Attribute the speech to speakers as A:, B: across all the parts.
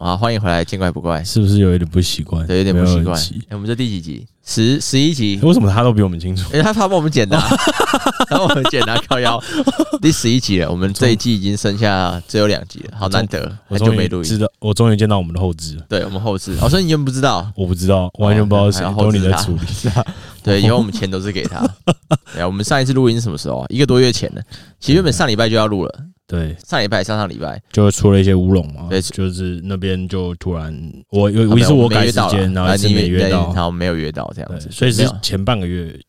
A: 啊，歡迎回來！見怪不怪，是不是有一點不習慣？對，有一點不習慣、欸。我們這第幾集？十十一集、欸。為什麼他都比我們清楚？因、欸、他怕幫我們剪刀，啊、 他然後我們剪他腰腰。 第十一集了，我們這一季已經剩下只有兩集了，好難得。我，我就沒我知道？我終於見到我們的後製。對我們後製，好、啊、像你又不知道。 我不知道，完全不知道是都你在處理。啊、 對，以後我們錢都是給他。哎、 啊，我們上一次錄音是什麼時候啊？一個多月前了。其實原本上禮拜就要錄了。對，上禮拜、上上禮拜
B: 就出了一些烏龍
A: 嘛，就是那邊就突然我有，一次我改時間，然後你次沒約到，然後沒有約到這樣子，所以是前半個月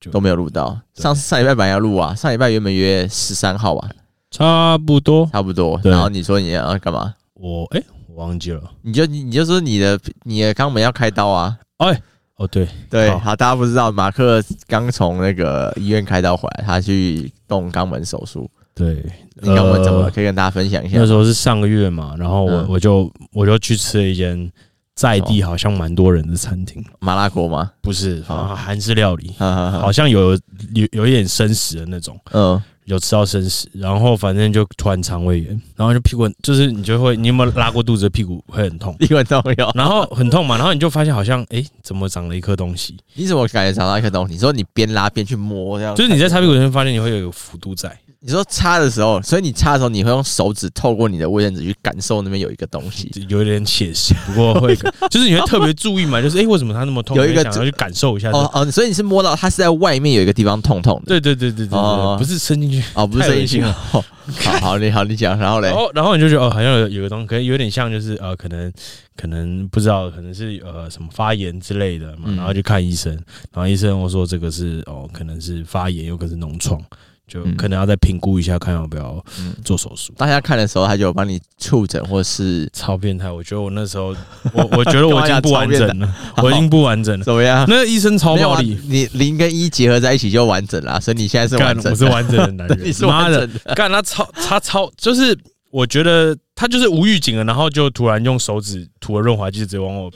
A: 就都沒有錄到。上上禮拜本來要錄啊，上禮拜原本約十三號啊，差不多，差不多。然後你說你要幹嘛？我哎、欸，我忘記了。你就你就說你的你的肛門要開刀啊？哎哦、欸、哦，對對，好、哦，大家不知道，馬克剛從那個醫院開刀回來，他去動肛門手術。對，你看我怎麼可以跟大家分享一下、呃？那時候是
B: 上個月嘛，然後我我就、嗯、我就去吃了一間在地好像蠻多人的餐廳、嗯哦，麻辣鍋嗎？不是，韓、啊、式料理，好、啊、好像有有有有一點生食的那種。嗯，有吃到生食，然後反正就突然腸胃炎，然後就屁股，就是你就會，你有沒有拉過肚子？屁股
A: 會很痛，屁 股都有，然後很痛嘛， 然後你就發現好像哎、欸，怎麼長了一顆東西？你怎麼感覺長了一顆東西？你說你邊拉邊去摸，就是你在
B: 擦屁股的時候發現你會有一個幅度在。
A: 你說擦的時候，所以你擦的時候，你會用手指透過你的衛生紙去感受那邊有一個東西，有點血腥，不過會，
B: 就是你會特別注意嘛，就是哎、欸，為什麼它那麼痛？有一個想要
A: 去感受一下、這個、哦哦，所以你是摸到它是在外面有一個地方痛痛的，
B: 對對對對對，哦，不是伸進去哦，哦，不是伸進
A: 去，哦、好，好，你好，你講，然後嘞，然、哦、
B: 後然後你就覺得哦，好像有有個東西，可能有點像就是呃，可能可能不知道，可能是呃什麼發炎之類的嘛，然後去看醫生，嗯、然後醫生我說這個是哦，可能是發炎，有可能是膿瘡。就可能要再評估一
A: 下，嗯、看要不要做手術。大家看的時候，他就幫你觸診，或是超變態。我覺得我那時候，我我覺得我已經不完整了，我已經不完整了。好好怎麼樣？那個、醫生超妙、啊，你零跟一結合在一起就完整了，所以你現在是完整，我是完整的男人，你是完整
B: 的、的。幹他超，他超，就是我覺得他就是無預警了，然後就突然用手指塗了潤滑劑，直接往我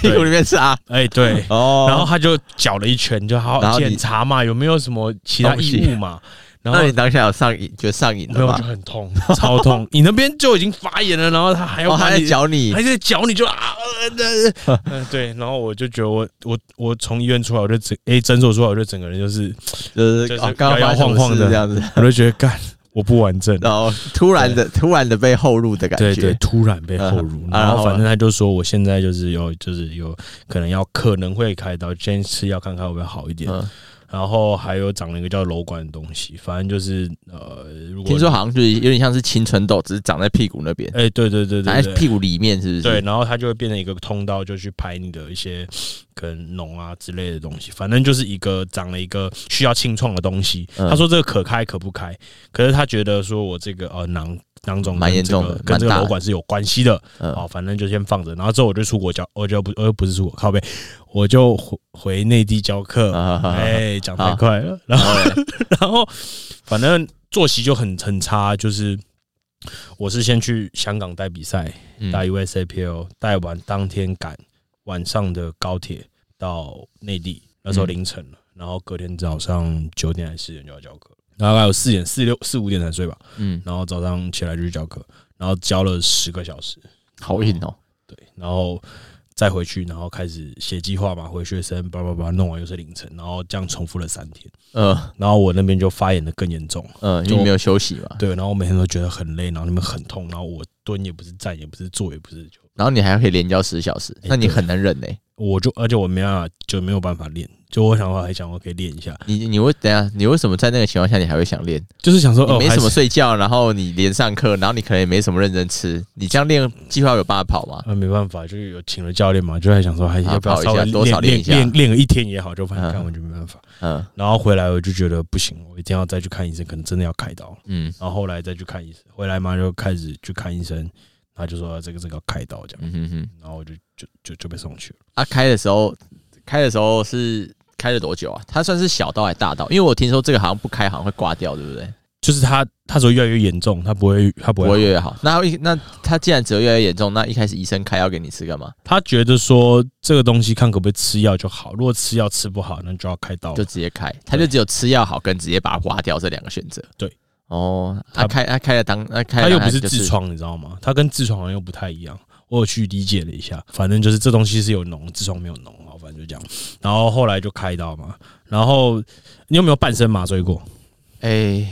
B: 屁股 裡面插。哎，對哦。然後他就
A: 攪了一圈，就好好檢查嘛，有沒有什麼其他異物嘛。然後你當下有上癮，就上癮了吧？就很痛，超痛。 你那邊
B: 就已經發炎了，然後他還要你、哦、還在嚼你，還在嚼你就啊！嗯嗯、對，然後我就覺得我我我從醫院出來，我
A: 就整，哎、欸，診所出來，我就整個人就是就是搖搖、就是啊、晃晃的這樣子。我就覺得幹，我不完整。然後突然的，突然的被後入的感覺，對對、對，突然被後入、嗯。然後反正他就
B: 說，我現在就是有，就是有可能要、嗯、可能會開刀，先吃藥看看會不會好一點。嗯然後還有長了一個叫瘻管的東西，反正就是呃，
A: 聽說好像就是有點像是青春痘，只是長在屁股那邊。哎，對對對對，對，長在屁股裡面是不是？對，然後
B: 它就會變成一個通道，就去排你的一些可能膿啊之類的東西。反正就是一個長了一個需要清創的東西。他說這個可開可不開，可是他覺得說我這個呃囊。當中蠻嚴、這個、重的，跟這個瘻管是有關係的。哦，反正就先放着，然後之後我就出國教，我就不，我又不是出國，靠北，我就回回內地教課。哎、欸，講太快了。然後，好好 然後，反正作息就很很差，就是我是先去香港帶比賽，打 USAPL，帶、嗯、完當天趕晚上的高鐵到內地，那時候凌晨了，嗯、然後隔天早上九點還是十點就要教課。大概有四點、四六、四五點才睡吧。嗯，然後早上起來就去教課，然後教了十個小時，
A: 好硬哦。
B: 對，然後再回去，然後開始寫計劃嘛，回學生，叭叭叭弄完又是凌晨，然後這樣重複了三天。嗯、呃，然後我那邊就發炎得更嚴重。嗯、呃，就沒有休息嘛。對，然後我每天都覺得很累，然後那邊很痛，然後我蹲也不是站，站也不是坐，坐也不是，就
A: 然後你還可以連教十小時，那你很難忍呢、欸
B: 欸。我就而且我沒辦法，就沒有辦法練。就我想話，還想我可以練一下
A: 你。你你為等下，你為什麼在那個情況下，你還會想練？就是想說，哦，沒什麼睡覺，然後你連上課，然後你可能也沒什麼認真吃。你這樣練，計劃有辦法跑嗎？
B: 那、啊、沒辦法，就是有請了教練嘛，就還想說還、啊，還要不要下多少練一下，練練一天也好，就反正看完就沒辦法。嗯、啊啊，然後回來我就覺得不行，我一定要再去看醫生，可能真的要開刀了。嗯，然後後來再去看醫生，回來嘛就開始去看醫生，他就說、啊、這個這個要開刀這樣，嗯、哼哼然後我就就就就被送去
A: 了。啊，開的時候，開的時候是。開了多久啊？他算是小刀還大刀？因為我聽說這個好像不開，好像會刮掉，對不對？就是他，他只會越來越嚴重，他不會，他不會。不會越來越好？那那他既然只會越來越嚴重，那一開始醫生開藥給你吃幹嘛？
B: 他覺得說這個東西看可不可以吃藥就好，如果吃藥吃不好，那就要開刀，就直接開。他就
A: 只有吃藥好跟直接把它刮掉這兩個選擇。對，哦，他、啊、開他、啊、開了當，他、啊、他、就是、又不是痔瘡，你知道嗎？他跟
B: 痔瘡好像又不太一樣。我有去理解了一下，反正就是這東西是有膿，痔瘡沒有膿。然後後來就開
A: 刀嘛。然後你有沒有半身麻醉過？哎、欸，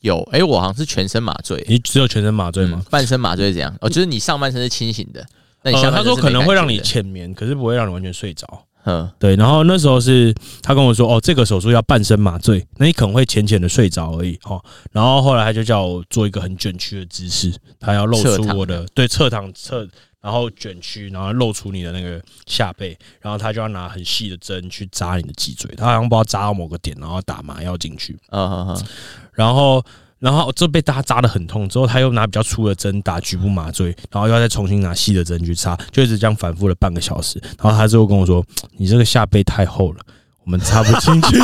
A: 有哎、欸，我好像是全身麻醉，你只有全身麻醉嗎？嗯、半身麻醉這樣，哦，就是你上半身是清醒的。那你想、呃，他說可能會
B: 讓你淺眠，可是不會讓你完全睡着。嗯，對。然後那時候是他跟我說，哦，這個手術要半身麻醉，那你可能會淺淺的睡着而已哦。然後後來他就叫我做一個很捲曲的姿勢，他要露出我的側對側躺側。側然後捲曲，然後露出你的那個下背，然後他就要拿很細的針去扎你的脊椎，他好像不知道扎到某個點，然後打麻藥進去，啊、哦哦哦、然後，然後這被他扎得很痛，之後他又拿比較粗的針打局部麻醉，然後又要再重新拿細的針去插，就一直這樣反覆了半個小時。然後他最後跟我說、嗯：“你這個下背太厚了，我們插不進去。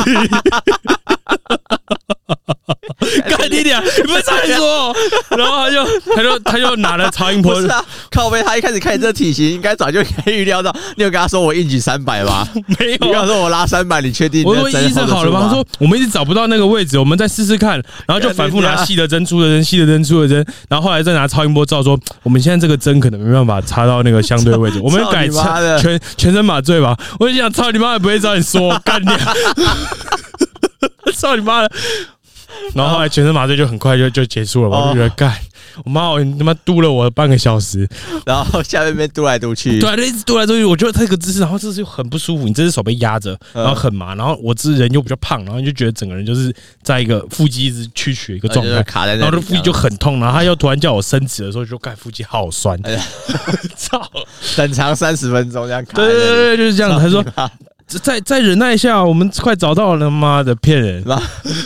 B: ”幹 幹你點娘笑你不是這樣說
A: 然後他就他就他就拿了超音波，是啊，靠北。他一開始看你這個體型，應該早就可以預料到。你有跟他說：“我硬舉三百吧。 ”沒有，你跟他說我拉三百，你確定？我說醫生好了嗎？ 他說：“
B: 我們一直找不到那個位置，我們再試試看。”然後就反覆拿細的針、粗的針、細的針、粗的針。然後後來再拿超音波照說：“我們現在這個針可能沒辦法插到那個相對位置，我們改插全全身麻醉吧。”我就想：“操你媽！”也不會這樣說，幹 你！操你媽！然後後來全身麻醉就很快就就結束了吧、哦？我就覺得幹！我媽我他媽嘟了我半個小時，
A: 然後下面邊嘟來嘟去、對、啊，對，一
B: 直嘟來嘟去。我覺得他這個姿勢，然後這姿勢又很不舒服，你這隻手被壓着，然後很麻，然後我這人又比較胖，然後就覺得整個人就是在一個腹肌一直屈曲一個狀態，卡在那然後腹肌就很痛。然後他又突然叫我伸直的時候就，就感覺腹肌好痠，
A: 操！ 等長三十分鐘這樣卡，對對對對，就是這樣子。他說。再再忍耐一下，我們快找到了！媽的，騙人！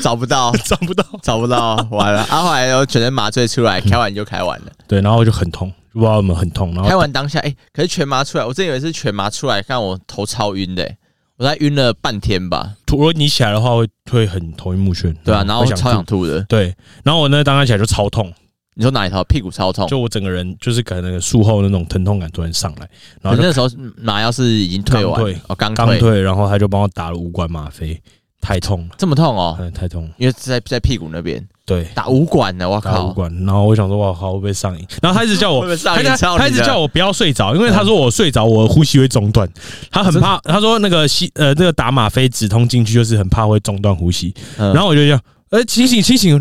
A: 找不到， 找不到，找不到，完了！阿 華、啊，懷又全麻麻醉出來、嗯，開完就開完了。
B: 對，然後我就很痛，就不知道有沒有很痛。然後開完
A: 當下，哎、欸，可是全麻出來，我真以為是全麻出來，但我頭超暈的、欸，我在暈了半天吧。
B: 吐，如果你起來的話會會很頭暈目眩，對吧、啊？然後想超想吐的，對。然後我那
A: 當下起來就超痛。你說哪一條？屁股超痛？就我整個人就是感那個術
B: 後那種疼痛感突
A: 然上來，然後那時候麻藥是已經退完，對，哦，剛剛退，退，然後他就幫我打了五管嗎啡，太痛了，這麼痛哦，太痛，因為在在屁股那邊，對，打五管呢我靠，五管，然後我想說哇靠，會不會上癮？然後他一直叫我， 他一直叫
B: 我不要睡着，因為他說我睡着我呼吸會中斷、嗯，他很怕，他說那個吸呃那個打嗎啡止痛進去就是很怕會中斷呼吸、嗯，然後我就這樣，哎、欸，清醒清醒。我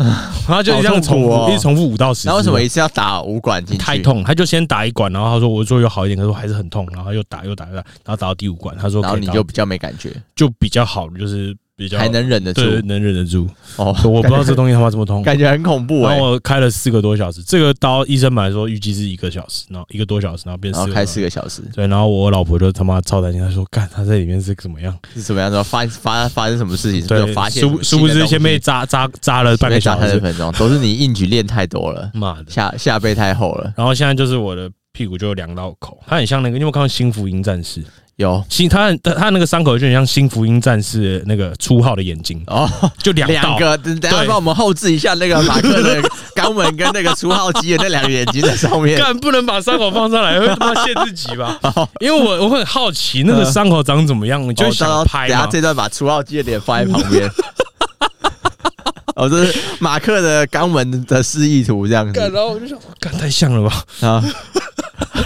B: 他就這樣重複、哦，一直重複五到十。那為什麼一次
A: 要打五管進去？太痛，
B: 他就先打一管，然後他說我做又好一點，他說還是很痛，然後又打又打又打，然後打到第五管，他說可能就比較沒感覺，就比較好，就是。比較還能忍得住，對，能忍得住。哦，我不知道這東西他媽這麼痛，感覺
A: 很恐怖欸。然
B: 後我開了四個多小時，這個刀醫生本來說預計是一個小時，然後一個多小時，
A: 然後變然後開四個小
B: 時。對，然後我老婆就他媽超擔心，她說：“幹她在裡面是怎麼樣？
A: 是什麼樣子？發發發生什麼事情？就發現，殊不知先被扎扎扎了半個小時，十分鐘，都是你硬舉練太多了，媽的下下背太厚了。
B: 然後現在就是我的屁股就有兩道口，它很像那個，因為我看《新福音戰士》。有，新他他他那個傷口就很像新福音戰士那個初號的眼睛哦，就兩兩個，等一下幫我
A: 們後置一下那個馬克的肛門跟那個初號機的那兩個眼睛在上面。幹 不能把傷口放上來，會他媽限制級吧、哦？因為我我很好奇那個傷口長怎麼樣，嗯、就是想拍。然、哦、後這段把初號機的臉放在旁邊。 哦，這是馬克的肛門的示意圖，這樣子。然後我就想，幹太像了吧？啊、哦。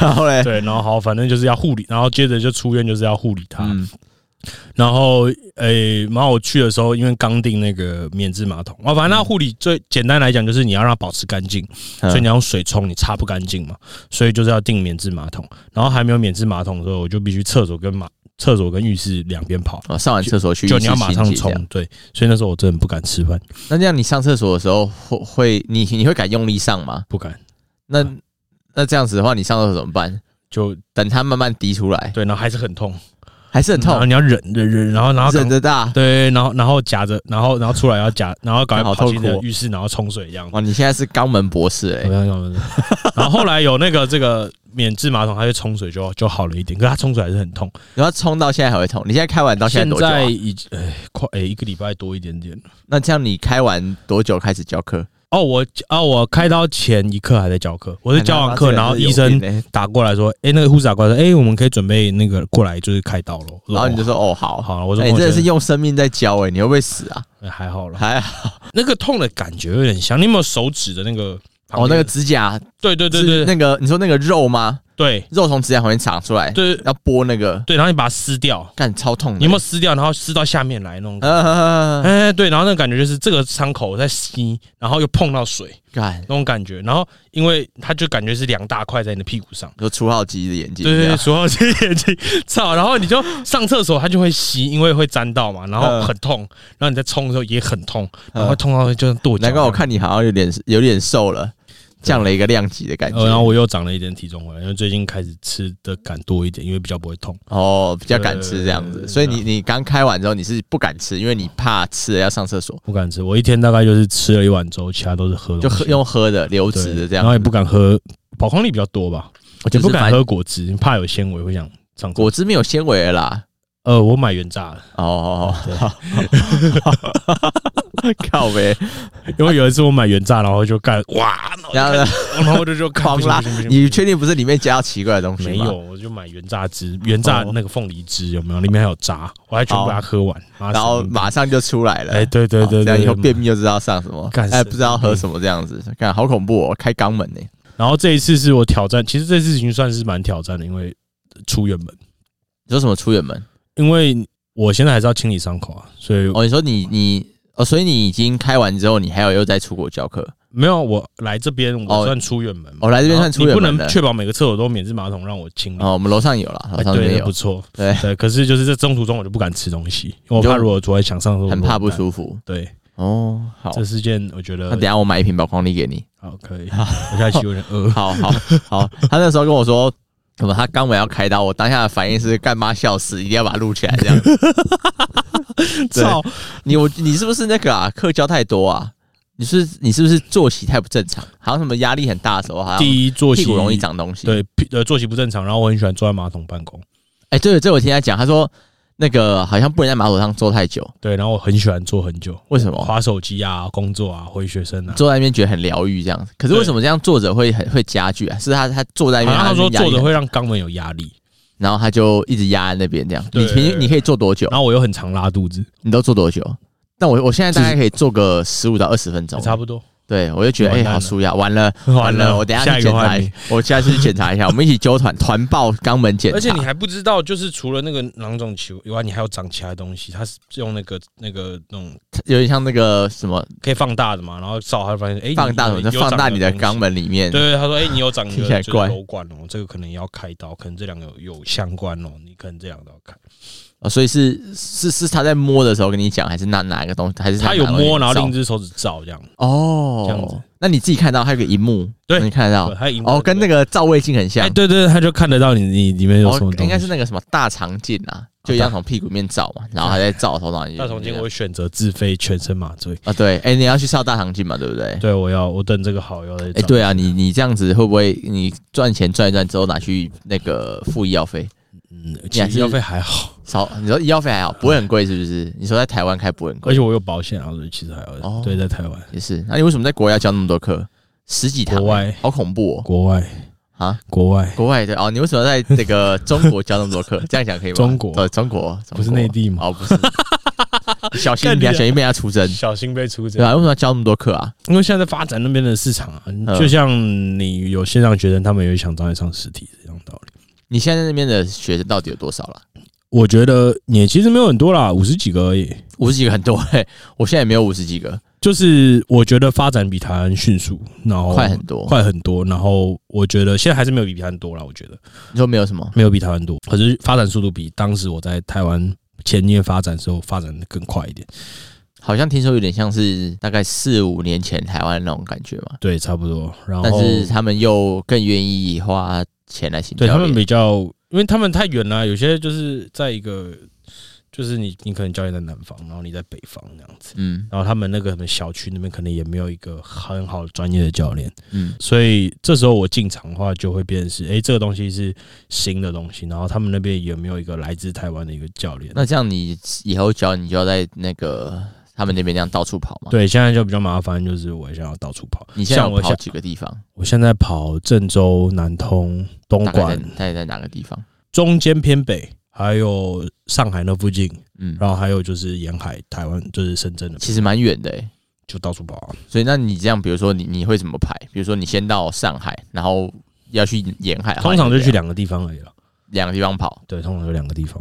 A: 然
B: 後嘞，對，然後好，反正就是要護理，然後接着就出院，就是要護理他。嗯、然後，哎、欸、然後我去的時候，因為剛訂那個免治馬桶，哦，反正他護理最簡單來講，就是你要讓它保持乾淨，嗯、所以你用水沖，你擦不乾淨嘛，所以就是要訂免治馬桶。然後還沒有免治馬桶的時候，我就必須廁所跟馬廁所跟浴室兩邊跑啊、哦，上完廁所去就，就你要馬上沖。對，所以那時候我真的不敢吃飯。
A: 那這樣你上廁所的時候會會你你會敢用力上嗎？不敢。那、啊。那這樣子的話，你上廁所怎麼辦？就等它慢慢滴出來。對，然後還是很痛，
B: 嗯，還是很痛。然後你要忍忍忍，然後然後忍得到。對，然後然後夾着，然後然後出來要夾，然後趕快跑進浴室，然後沖
A: 水一樣。哇，你現在是肛門博士哎，欸！
B: 然後後來有那個這個免治馬
A: 桶，它就沖水就就好了一點，可是它沖出來還是很痛。然後沖到現在還會痛。你現在開完到現在多久，啊？現在已經欸，快哎，欸，一個禮拜多一點點。那這樣你開完多久開始教課？
B: 哦，我哦，我開刀前一刻還在教課，我是教完課，欸，然後醫生打過來說，哎、欸，那個護士長過來說，哎、欸，我們可以準備那個過來，就是開刀了。
A: 然後你就說，哦，好，好，我說，我、欸、真的是用生命在教，欸，哎，你會不會死啊？欸，還好了，還好。那個痛的感覺有點像，你有沒有手指的那個的？哦，那個指甲。對對對對，對，是那個你說那個肉嗎？對，肉從指甲旁邊長出來，對，要剝那個，對，然後你把它撕掉，幹超痛，你有沒有撕掉？然後
B: 撕到下面來那種，哎、
A: 啊啊欸，對，然後那個感覺就是這個傷口在吸，然後又
B: 碰到水，幹那種感覺，然後因為它就感覺是兩大塊在你的屁股上，
A: 就初號機的眼睛，對對,對，初號機眼睛，操， 然後你就上廁所它就會吸，因為會
B: 沾到嘛，然後很痛，然後你在沖的時候也很痛，啊、然後
A: 痛到就肚。剁。難怪我看你好像有點有點瘦了。降了一個量級的感覺，然後我又長了一點體重回來，因為最近開始吃的敢多一點，因為比較不會痛哦，比較敢吃這樣子。所以你你剛開完之後你是不敢吃，因為你怕吃了要上廁所，
B: 不敢吃。我一天大概就是吃了一碗粥，其他都
A: 是喝，就用喝的流質的這樣，然後也不
B: 敢喝，寶礦力比較多吧，就不敢喝果汁，怕有纖
A: 維會想上廁所。果汁沒有纖維啦，呃，我買原榨的哦。哦。 靠唄！ 因為有一次我買原榨，然後就幹哇，然後然後就就狂拉。不行不行不行，你確定不是裡面加了奇怪的東西嗎？沒有，我
B: 就買原榨汁，原榨那個鳳梨汁有沒有？裡面還有渣，哦、我還全部把它喝
A: 完，哦，然後馬上就出來了。哎、欸，對對對，對，對，對，對，對，哦，這樣以後便秘就知道上什麼哎，麼不知道喝什麼這樣子，看好恐怖哦，開肛門呢、欸。
B: 然後這一次是我挑戰，其實這事情算是蠻
A: 挑戰的，因為出遠門。你說什麼出遠門？因為我現在還是要清理傷口啊，所以哦，你說你你。哦，所以你已經開完之後，你還有又在出國教課？
B: 沒有，我來這邊我算出遠門。我來這邊算出遠門，你不能確保每個廁所都免治馬桶讓我清理。哦，我
A: 們樓上有了，樓上也有，不、哎、錯。對對，對，可是就是在中途中我就不敢吃東西，我怕如果坐在牆上很怕不舒服。對哦，好，這是件我覺得。那、啊、等一下我買一瓶寶礦力給你。好，可以。好，我現在其實有點餓。好好好，好，他那時候跟我說。怎麼？他肛門要開刀？我當下的反應是乾媽笑死，一定要把它錄起來這樣。操 你我你是不是那個啊？課教太多啊？你是，是你是不是作息太不正常？好像什麼壓力很大的時候，哈，第一作息容易長東西。對，呃，作息不正常。然後我很喜歡坐在馬桶辦公。哎、欸，對，這我聽他講，他說。那個好像不能在馬桶上坐太久，對。然後我很喜歡坐很久，為什麼？滑手機啊，工作啊，回學生啊，坐在那邊覺得很療癒這樣子。可是為什麼這樣坐着會很會加劇啊？是他他坐在那邊，他說坐着會
B: 讓肛門有壓力，
A: 然後他就一直壓在那邊這樣。你平你可以坐多久？然後我又很常拉肚子，你都坐多久？那我我現在大概可以坐個十五到二十分鐘，差不多。對，我就覺得哎、欸，好酥呀，完了完了，完了，我等一下檢查，下一我下次去檢查一下， 我們一起揪團團爆肛門檢查，而且你
B: 還不知道，就是除了那個囊腫球以外，你還有長其他東西，他是用那個那個那種
A: 有點像那個什麼、嗯、可以放大的嘛，然後照他發現哎，放大了、欸，放大你的肛門裡面，對他說哎、欸，你有長一個廔
B: 管哦，這個可能要開刀，可能這兩個有，有相關哦、喔，你可能這兩個都要開。
A: 哦、所以是是是他在摸的時候跟你講，還是拿哪一個東西？還是他有摸，然後另一隻
B: 手指照這樣？
A: 哦，這樣子。那你自己看到還有個熒幕，對，你看得到還有熒幕哦，跟那個照胃鏡很像。欸、對對，他就看得到你你裡面有什麼東西、哦，應該是那個什麼大腸鏡啊，就一樣從屁股裡面照嘛、啊，然後還在照頭上。大腸鏡我會選擇自費全身麻醉啊、哦。對，哎、欸，你要去照大腸鏡嘛，對不對？對，我要我等這個好要來。哎、欸，對啊，你你這樣子會不會你賺錢賺一賺之後拿去那個付醫藥費？嗯，其實醫藥費還好，少。你說醫藥費還好，不會很貴，是不是？嗯、你說在台灣開不會很貴，而且
B: 我有保險啊，所以其實還好。哦、對，在台灣也是。那、
A: 啊、你為什麼在國外要教那麼多課？十幾國外好恐怖、哦，國外啊，國外，國外對啊、哦。你為什麼在這個中國教那麼多課？ 這樣講可以嗎？中國對，中國，中國不是內地嗎？哦，不是， 你小心要小心被他出征，小心被出征。對啊，為什麼要教那麼多課啊？因為現在在發展那邊的市場啊、嗯，就
B: 像你有線上學生，他們也想當一上實體的，一樣道
A: 理。你現在那邊的學生到底有多少了？
B: 我覺得也其實沒有很多啦，五十幾個而已。五十幾個很多哎、
A: 欸，我現在也沒有五十幾個。
B: 就是我覺得發展比台灣迅速，然後快很多，快很多。然後我覺得現在還是沒有比台灣多啦，我覺得。
A: 你說沒有什麼，沒有比台灣多，可是發展速度比當時我在台灣前年發展的時候發展的更快一點。好像聽說有點像是大概四五年前台灣那種感覺吧。對，差不多。然後但是他們又更願意花。前來請教對他們比較，
B: 因為他們太遠了、啊，有些就是在一個，就是你你可能教練在南方，然後你在北方那樣子，嗯，然後他們那個小區那邊可能也沒有一個很好的專業的教練，嗯，所以這時候我進場的話就會變成是，哎、欸，這個東西是新的東西，然後他們那邊有沒有一個來自台灣的一個教練？那
A: 這樣你以後教你就要在那個。他們那邊這樣到處跑嗎？對，現在就比較麻煩，就是我想要到處跑。你現在有跑幾個地方？我
B: 現,我現在跑鄭州、南通、東莞。大概在,在哪個地方？中間偏北，還有上海那附近。嗯，然後還有
A: 就是沿海、台灣，就是深圳的、嗯。其實蠻遠的、欸，就到處跑、啊。所以，那你這樣，比如說你你會怎麼排？比如說你先到上海，然後要去沿海。沿海通常就去兩個地方而已了。兩個地方跑。對，通常就兩個地方。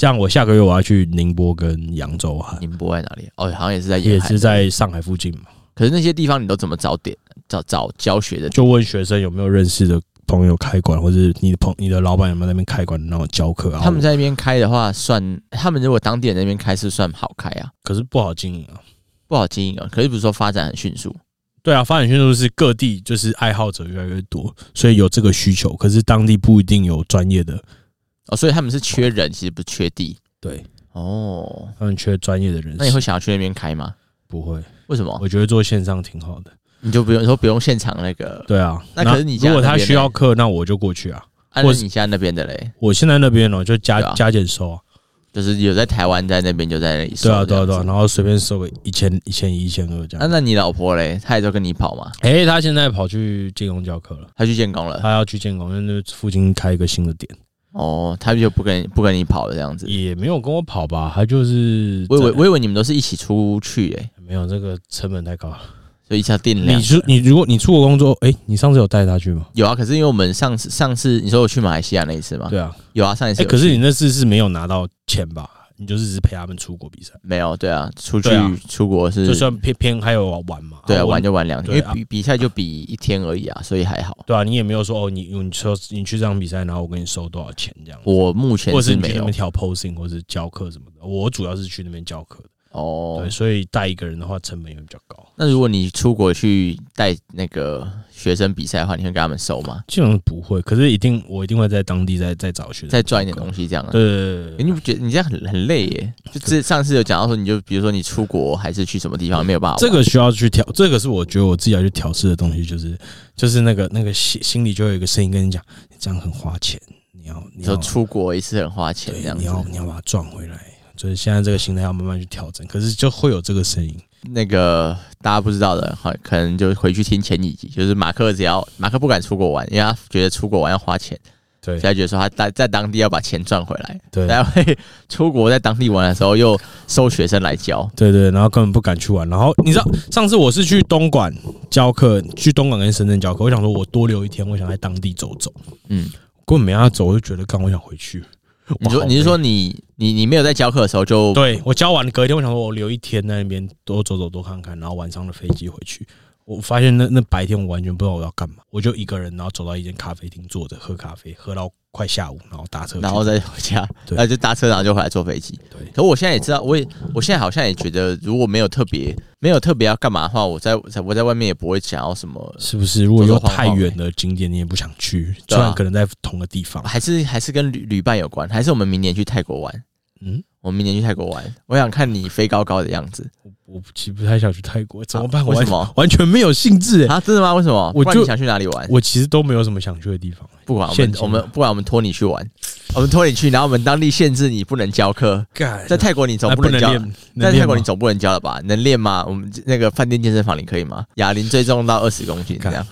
B: 像我下個月我要去寧波跟
A: 揚州啊，寧波在哪裡？哦、oh，好像也是在也是在上海附近嘛。可是那些地方你都怎麼找點？找找教學的？就問學生有沒有認識的朋友開
B: 館，或是你的朋你的老闆有沒有在
A: 那邊開館然後教課？他們在那邊開的話算，算他們如果當地人在那邊開是，是算好開啊，可是不好經營啊，不好經營啊。可是比如說發展很迅速，對啊，發展迅速是各地就是愛好者越來越多，
B: 所以有這個需求。可是當地不一定
A: 有專業的。哦，所以他們是缺人，其實不缺地。對，哦，他們缺專業的人士。那你會想要去那邊開嗎？不會。為什麼？我覺得做線上挺好的。
B: 你就不用說不用現場那個。對啊，那可是你如果他需要課，那我就過去啊。我、啊、是、啊、你
A: 在那邊的嘞。
B: 我現在那邊哦，就加、啊、加減收、啊，
A: 就是有在台灣在那邊就在那裡收對、啊。對啊，對啊，對啊，然
B: 後隨便收個一千、一千一千都有、一千二
A: 這樣。那那你老婆嘞，她也都跟你跑嗎？哎、欸，她現在跑去建工教課了，她去建工了，她要去建工，因為就附近開一個新的點。哦，他就不跟你不跟你跑了這樣子，也沒有跟我跑吧？他就是我以為我以為你們都是一起出去誒、欸，沒有，這個成本太高了，所以一下電了。你說
B: 你如果你出國工作，誒、欸，你上次有帶他去嗎？
A: 有啊，可是因為我們上次上次你說我去馬來西亞那一次嘛，對啊，有啊，上一次、欸、可是你那次是沒有拿到錢吧？你就是一直陪他們出國比賽？沒有，對啊，出去、啊、出國是就算
B: 偏偏還有玩嘛？對啊，啊玩就玩兩天，因為比、啊、比賽就比一天而已啊，所以還好。對啊，你也沒有說哦，你你說你去這場比賽，然後我跟你收多少錢這樣，
A: 我目前是沒有，或是去那邊調
B: posing，或是教課什麼的，我主要是去
A: 那邊教課。哦，對，所以帶一個人的話成本也比較高。那如果你出國去帶那個？學生比賽的話，你會跟他們收嗎？基本上不會，可是一定我一定會在當地再再找學生，再賺一點東西這樣、啊。對，對，對，對、欸，你不覺得你這樣很很累耶、欸？就這上次有講到說，你就比如說你出國還是去什麼地方沒有辦法，這
B: 個需要去調，這個是我覺得我自己要去調試的東西，就是就是那個那個心心裡就有一個聲音跟你講，你這樣很花錢，你要你要說
A: 出國也是很花錢，對，你要你要把它賺回來。所
B: 以現在這個心態
A: 要慢慢去調整，可是就會有這個聲音。那個大家不知道的，可能就回去聽前幾集。就是馬克只要馬克不敢出國玩，因為他覺得出國玩要花錢，對，所以他覺得說他在在當地要把錢賺回來。對，他會出國在當地玩的時候，又收學生來教。
B: 對，對對，然後根本不敢去玩。然後你知道
A: 上次我是去東莞
B: 教課，去東莞跟深圳教課，我想說我多留一天，我想在當地走走。嗯，根本沒讓他走，我就覺得剛我想回去。你說，你是說
A: 你你你沒有在教課的時候就對，我
B: 教完隔一天，我想說我留一天在那邊多走走多看看，然後晚上的飛機回去。我發
A: 現那那白天我完全不知道我要幹嘛，
B: 我就一個人，然後走到一間咖啡廳坐着喝咖啡喝到。快下午，然後搭車，然後再回
A: 家。對，後、啊、就搭車，然後就回來坐飛機。對。可我現在也知道，我也，我現在好像也覺得，如果沒有特別，沒有特別要幹嘛的話，我在，在我在外面也不會想要什麼。是不是？如果說太遠
B: 的景點，你也不想去，啊、雖然可
A: 能在同個地方。還是還是跟旅伴有關，還是我們明年去泰國玩。嗯，我們明年去泰國玩，我想看你飛高高的樣子。我，
B: 我其實不太想去泰國，怎麼辦？啊、為什麼？什麼完
A: 全沒有興致、欸、啊？真的嗎？為什麼？我就想去哪裡玩我？我其實
B: 都沒有什麼想去的地
A: 方。不管我們，我們不管我們拖你去玩，我們拖你去，然後我們當地限制你不能教課，在泰國你總不能教不能能，在泰國你總不能教了吧？能練嗎？我們那個飯店健身房你可以嗎？啞鈴最重到二十公斤，這樣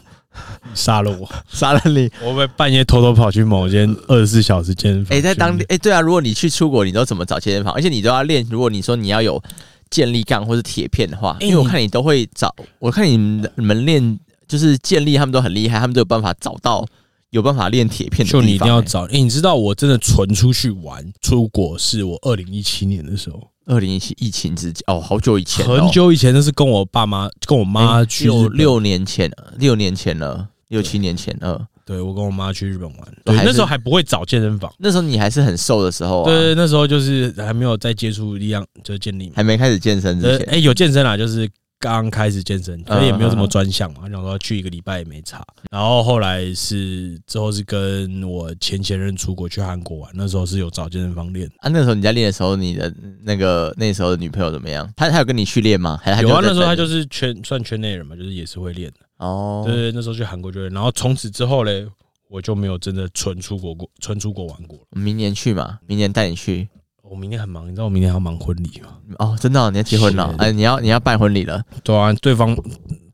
A: 殺了我，殺了你！我會，會半
B: 夜偷偷跑去某間
A: 二十四小時健身房。哎、欸，在當地，誒、欸，對啊，如果你去出國，你都怎麼找健身房？而且你都要練。如果你說你要有健力槓或是鐵片的話、欸，因為我看你都會找，我看你們練就是健力，他們都很厲害，他們都有辦法找到。有辦法練鐵片的地方、欸、就你一定要找。
B: 欸、你知道我真的存出去玩出國是我二零一七年的時候，二零
A: 一七疫情之前哦，好久以前，很久以前，那是跟我爸媽跟我媽去，欸就是、六年前，六年前了，六七年前了。對，我跟我媽去日本玩。對，那時候還不會找健身房，那時候你還是很瘦的時候、啊。對，
B: 那時候就是還沒有在接觸力量，就是健力，
A: 還沒開始健身之前。哎、欸，
B: 有健身啊，就是。剛開始健身，但也沒有什麼專項嘛，然後去一個禮拜也沒差。然後後來是之後是跟我前前任出國去韓國玩，那時候是有找健身房練。
A: 啊，那時候你在練的時候，你的那個那時候的女朋友怎麼樣？她她有跟你去練嗎？還有啊，那時候她就是圈算圈
B: 內人嘛，就是也是會練的。哦，對對，那時候去韓國就練。然後從此之後嘞，我就沒有真的純出國過，
A: 純出國玩過。明年去嘛，明年帶你去。我明天很忙，你知道我明天還要忙婚禮嗎？哦，真的、哦，你要結婚了？哎，你要你要辦婚禮了？對、啊，完對方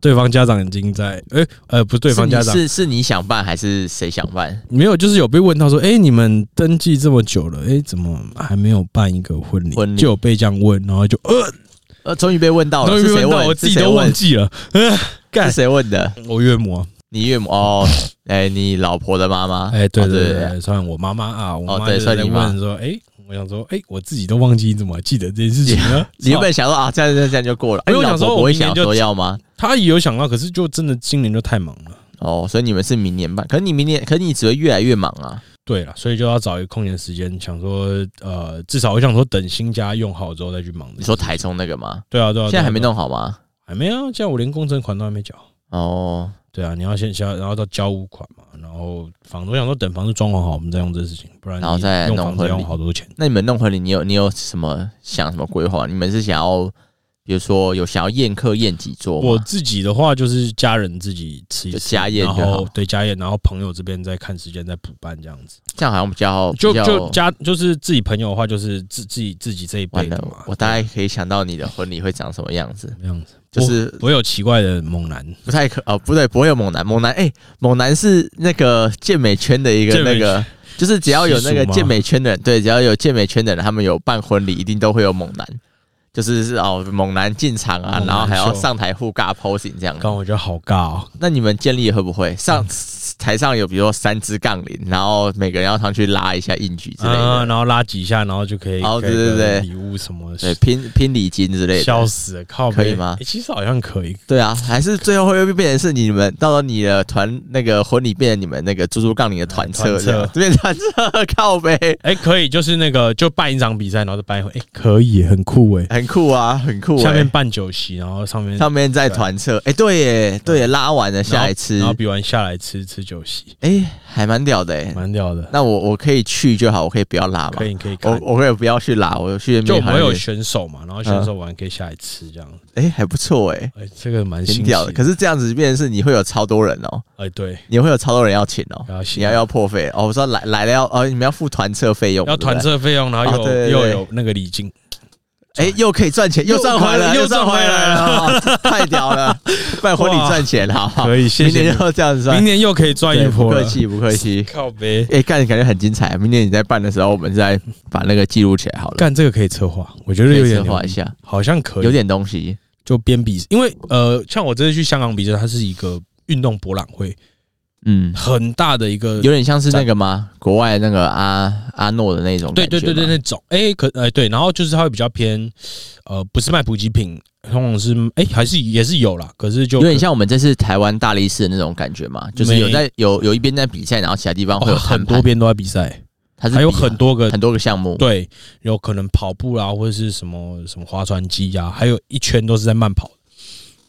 A: 對方家長已經在哎、欸、呃，不是對方家長是是，是你想辦還是誰想辦？沒有，就是有被問到
B: 說，哎、欸，你們登記這麼久了，哎、欸，怎麼還沒有辦一個婚禮？就有被這樣問，
A: 然後就呃呃，終、呃、於被問到了，終於被問到我自己都忘記了，呃，幹、啊，誰問的？我岳母、啊、母，你岳母哦，哎、 欸，你老婆的媽媽，哎、哦，對對對，對，算、哦、我媽媽啊，我媽就在問說，
B: 哎、哦。對。我想說，哎、欸，我自己都忘記，你怎麼還記得這件事情呢？Yeah, oh. 你有沒有想
A: 說啊？這樣這樣這樣就過了。哎、欸，我想說我，我也想說要嗎？他也有想到，可是就真的今年就太忙了。哦、oh，所以你們是明年辦？可是你明年，可是你只會越來越忙啊。
B: 對了，所以就要找一個空閒時間，想說，呃，至少我想說，等新家用好之後再去
A: 忙。你說台中那個嗎？對、啊對啊。對啊，對啊，現在還沒弄好嗎？
B: 還沒啊，現在我連工程款都還沒繳。哦、oh。對啊，你要先下，然後到交屋款嘛，然後房子我想說等房子裝潢好，好，我們再用這事情，不然你用房子再用好多
A: 錢。那你們弄婚禮，你有你有什麼想什麼規劃？你們是想要？比如說有想要宴客宴幾桌？我自己的話就是家人自己吃一吃家宴，然後
B: 對家宴，然後朋友這邊再看時間再補辦這樣子。這
A: 樣好像比較，比較就就家就是自己朋友的話，就是自自己自己這一輩的嘛。我大概可以想到你的婚禮會長什麼樣子，這樣子就是不，不會有奇怪的猛男，不太可哦，不對，不會有猛男。猛男哎、欸，猛男是那個健美圈的一個那個，就是只要有那個健美圈的人，對，只要有健美圈的人，他們有辦婚禮一定都會有猛男。就是是哦，猛男進場啊，然後還要上台互尬 posing 這樣子，剛我覺得好尬哦。那你們建立會不會上、嗯？上台上有比如說三支槓鈴，然後每個人要上去拉一下硬舉之類
B: 的、嗯，然後拉幾下，然後就可以。哦，對對對，對，禮
A: 物什麼，對，拼拼禮金之類的。笑死，靠北可以嗎、欸？其實好像可以。對啊，還是最後會變成是你們，到了你的團那個婚禮，變成你們那個豬豬槓鈴的團車，、嗯、車，對，團
B: 車靠北。哎、欸，可以，就是那個就辦一場比賽，然後就擺回、欸。可以，很酷
A: 哎、欸，很酷啊，很酷、欸。下面
B: 辦酒席，然後上面上面再團
A: 車。哎、欸，對耶，對，耶對耶，拉完了下來吃，然後比完下來吃吃酒。遊戲哎，還蠻屌的哎、欸，蠻屌的。那我我可以去就好，我可以不要拉嘛。可以可以，我我可以不要去拉，我去就沒有選手嘛。然後選手
B: 完可以下來吃這樣子。
A: 哎、嗯欸，還不錯哎、欸，哎、欸，這個蠻屌的。可是這樣子變成是你會有超多人哦、喔。哎、欸、對，你會有超多人要請哦、喔，你要要破費哦。我說來來了要哦，你們要付團車費用，用，要團車費用，然後又有、哦、又有那個禮金。哎，又可以賺錢，又賺回來了，又賺回來了、哦，太屌了！辦婚禮賺錢好不好，了，可以，謝謝明年又這樣子，明年又可以賺一波。不客氣不客氣，靠杯！哎、欸，幹，感覺很精彩。明年你在辦的時候，我們再把那個記錄起來好了。幹這個可以策劃，我覺得有點可以策劃一下，好像可以，有點東西。就編比，因為呃，像我這次去香港比賽，它是一
B: 個運動博覽會。嗯，很大的一個，有點像是那個嗎？
A: 國外那個阿阿諾的那種，對對對對，那
B: 種。哎、欸，可哎、欸、對，然後就是它會比較偏，
A: 呃，不是賣補給品，通常是哎、欸、還是也是有啦，可是就可有點像我們這次台灣大力士的那種感覺嘛，就是有在有有一邊在比賽，然後其他地方會有、哦、很多邊
B: 都在比賽，它還有很多個很多個項目，對，有可能跑步啦、啊，或者是什麼什
A: 麼划船機呀、啊，還有一圈都是在慢跑的。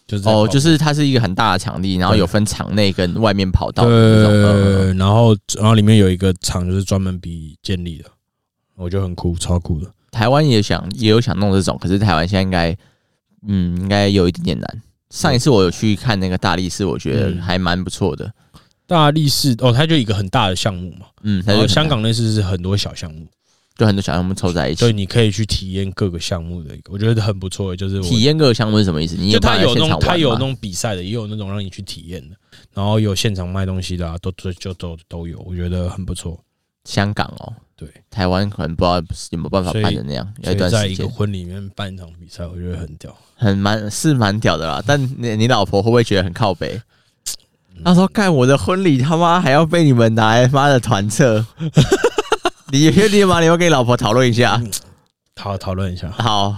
A: 就是、哦，就是它是一個很大的場地，然後有分場內跟外面跑道。對，對，對，
B: 對，然後然後裡面有一個場，就是專門比健力的，我覺得很酷，超酷的。
A: 台灣也想也有想弄這種，可是台灣現在應該嗯應該有一點點難。上一次我有去看那個大力士，我覺得還蠻不錯的。
B: 大力士哦，它就一個很大的項目嘛，嗯，它就香港類似是很多小項目。
A: 就很多小孩他們湊在一起，所以你可以去體驗各個項目的，一個。我覺得很
B: 不錯。就是的體驗各個
A: 項目是什麼意思？你也就他有那種他有那種
B: 比賽的，也有那種讓你去體驗的，然後有現場賣東西的，啊，都都就都都有，我覺得很不錯。
A: 香港哦，對，台灣可能不知道有沒有辦法辦成那樣，要一段時間。所以在一個
B: 婚禮裡面辦
A: 一場比賽，我覺得很屌，很蠻是蠻屌的啦。嗯，但你你老婆會不會覺得很靠北？他，嗯、說：“幹我的婚禮，他媽還要被你們拿來媽的團測。 ” 你有確定嗎？你要跟老婆討論一下，好，討論一下。好，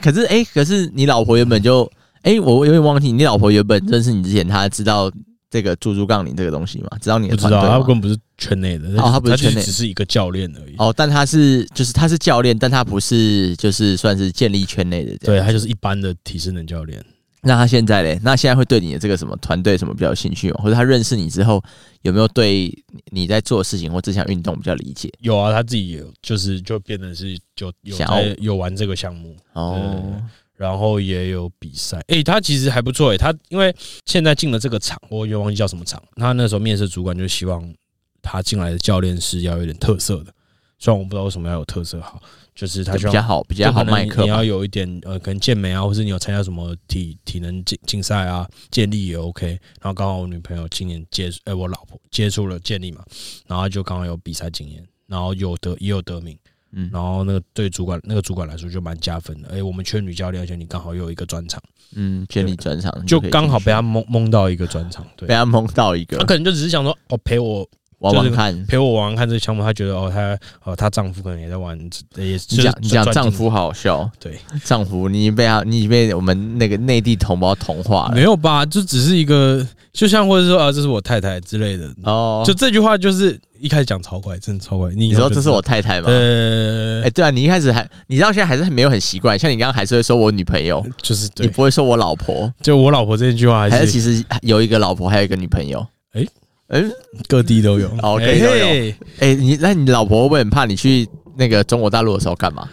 A: 可是哎、欸，可是你老婆原本就哎、欸，我有點忘記，你老婆原本認識你之前，他知道這個豬豬槓鈴這個東西嗎？知道你不知道、啊，他根本不是圈內的哦，他不是圈內，只是一個教練而已。哦，但他是就是他是教練，但他不是就是算是建立圈內的，對他就是一
B: 般的體適能教練。
A: 那他現在嘞？那現在會對你的這個什麼團隊什麼比較有興趣嗎？或者他認識你之後，有沒有對你在做的事情或這項運動比較理解？
B: 有啊，他自己也有，就是就變得是就有在有玩這個項目哦，然後也有比賽。誒、欸，他其實還不錯誒，他因為現在進了這個廠，我也忘記叫什麼廠。他那時候面試主管就希望他進來的教練是要有點特色的。雖然我不知道為什麼要有特色好，就是他比較好，比較好賣課。可能你要有一點呃，可能健美啊，或是你有參加什麼體體能競競賽啊，健力也 OK，然後剛好我女朋友今年接，哎、欸，我老婆接觸了健力嘛，然後就剛好有比賽經驗，然後有得也有得名，嗯，然後那個對主管那個主管來說就蠻加分的。哎、欸，我們缺女教練，而且你剛好有一個專場，嗯，健力專場，就剛好被他蒙蒙到一個專場，對，被他蒙到一個，他可能就只是想說，哦、喔，陪我。玩玩看，陪我玩玩看這個項目，她覺得哦，哦，她、哦、她丈夫可能也在玩，也是你講你講丈夫好笑，對
A: 丈夫，你被啊，你被我們那個內地同胞同化了、嗯，
B: 沒有吧？就只是
A: 一個，就像或者說啊，這是我太太之類的哦，就
B: 這句話就是一開始講超怪，真的超
A: 怪你、就是、你說這是我太太嗎？呃、欸，對啊，你一開始還，你到現在還是沒有很習慣，像你剛剛還是會說我女朋友，就是對你不會說我老婆，就我老婆這句話還是，還是其實有一個老婆，還有一個女朋友，哎、欸。哎、哦，各地都有，哦，OK 都有。哎、欸欸，你那你老婆會不會很怕你去那個中國大陸的時候幹嘛？